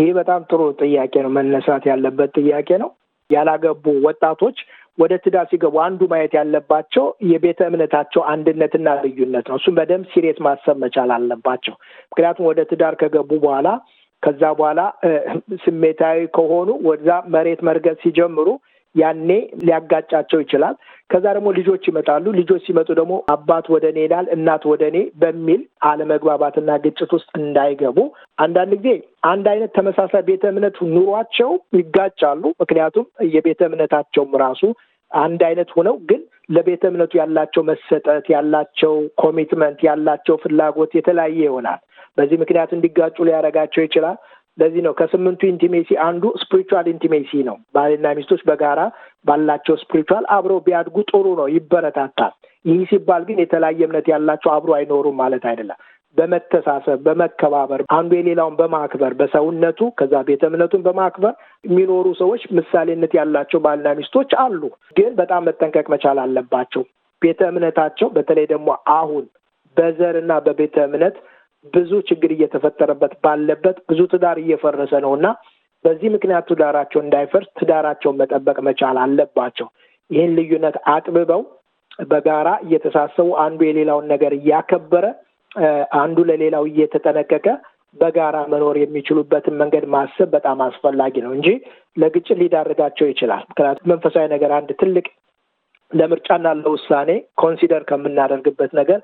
ይህ በጣም ጥሩ ጥያቄ ነው። መነሳት ያለበት ጥያቄ ነው። ያላገቡ ወጣቶች ወደ ትዳር ሲገቡ አንዱ ማየት ያለባቸው የቤተ እምነታቸው አንድነትና ልዩነት ነው። እሱም በደንብ ሲሬት ማሰብ መቻል አለባቸው። ምክንያቱም ወደ ትዳር ከገቡ በኋላ ከዛ በኋላ ስሜታዊ ከሆኑ ወዛ መሬት መርገጥ ሲጀምሩ ያኔ ሊያጋጫቸው ይችላል። ከዛ ደግሞ ልጆች ይመጣሉ። ልጆች ሲመጡ ደግሞ አባት ወደ እኔ ይላል፣ እናት ወደ እኔ በሚል አለመግባባትና ግጭት ውስጥ እንዳይገቡ አንዳንድ ጊዜ አንድ አይነት ተመሳሳይ ቤተ እምነት ኑሯቸው ይጋጫሉ። ምክንያቱም የቤተ እምነታቸውም ራሱ አንድ አይነት ሆነው ግን ለቤተ እምነቱ ያላቸው መሰጠት፣ ያላቸው ኮሚትመንት፣ ያላቸው ፍላጎት የተለያየ ይሆናል። በዚህ ምክንያት እንዲጋጩ ሊያደርጋቸው ይችላል። ለዚህ ነው ከስምንቱ ኢንቲሜሲ አንዱ ስፕሪቹዋል ኢንቲሜሲ ነው። ባልና ሚስቶች በጋራ ባላቸው ስፕሪቹዋል አብረው ቢያድጉ ጥሩ ነው፣ ይበረታታል። ይህ ሲባል ግን የተለያየ እምነት ያላቸው አብሮ አይኖሩም ማለት አይደለም። በመተሳሰብ በመከባበር አንዱ የሌላውን በማክበር በሰውነቱ ከዛ ቤተ እምነቱን በማክበር የሚኖሩ ሰዎች ምሳሌነት ያላቸው ባልና ሚስቶች አሉ። ግን በጣም መጠንቀቅ መቻል አለባቸው። ቤተ እምነታቸው በተለይ ደግሞ አሁን በዘር እና በቤተ እምነት ብዙ ችግር እየተፈጠረበት ባለበት ብዙ ትዳር እየፈረሰ ነው እና በዚህ ምክንያት ትዳራቸው እንዳይፈርስ ትዳራቸውን መጠበቅ መቻል አለባቸው። ይህን ልዩነት አጥብበው በጋራ እየተሳሰቡ አንዱ የሌላውን ነገር እያከበረ አንዱ ለሌላው እየተጠነቀቀ በጋራ መኖር የሚችሉበትን መንገድ ማሰብ በጣም አስፈላጊ ነው እንጂ ለግጭት ሊዳርጋቸው ይችላል። ምክንያቱም መንፈሳዊ ነገር አንድ ትልቅ ለምርጫና ለውሳኔ ኮንሲደር ከምናደርግበት ነገር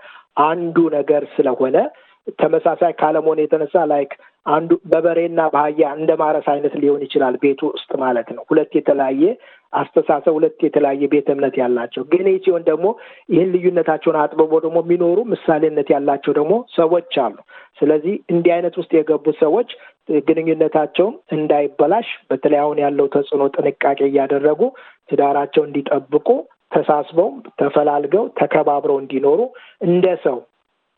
አንዱ ነገር ስለሆነ ተመሳሳይ ካለመሆን የተነሳ ላይክ አንዱ በበሬና በአህያ እንደ ማረስ አይነት ሊሆን ይችላል ቤቱ ውስጥ ማለት ነው። ሁለት የተለያየ አስተሳሰብ፣ ሁለት የተለያየ ቤተ እምነት ያላቸው ግን ሲሆን ደግሞ ይህን ልዩነታቸውን አጥብቦ ደግሞ የሚኖሩ ምሳሌነት ያላቸው ደግሞ ሰዎች አሉ። ስለዚህ እንዲህ አይነት ውስጥ የገቡ ሰዎች ግንኙነታቸውም እንዳይበላሽ በተለይ አሁን ያለው ተጽዕኖ ጥንቃቄ እያደረጉ ትዳራቸው እንዲጠብቁ ተሳስበው ተፈላልገው ተከባብረው እንዲኖሩ እንደ ሰው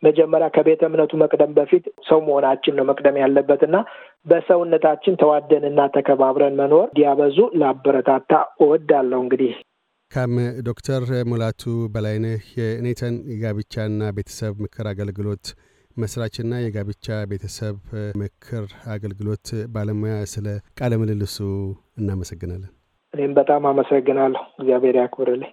መጀመሪያ ከቤተ እምነቱ መቅደም በፊት ሰው መሆናችን ነው መቅደም ያለበት እና በሰውነታችን ተዋደንና ተከባብረን መኖር እንዲያበዙ ላበረታታ እወዳለሁ። እንግዲህ ካም ዶክተር ሙላቱ በላይነህ የኔተን የጋብቻና ቤተሰብ ምክር አገልግሎት መስራችና የጋብቻ ቤተሰብ ምክር አገልግሎት ባለሙያ ስለ ቃለ ምልልሱ እናመሰግናለን። እኔም በጣም አመሰግናለሁ። እግዚአብሔር ያክብርልኝ።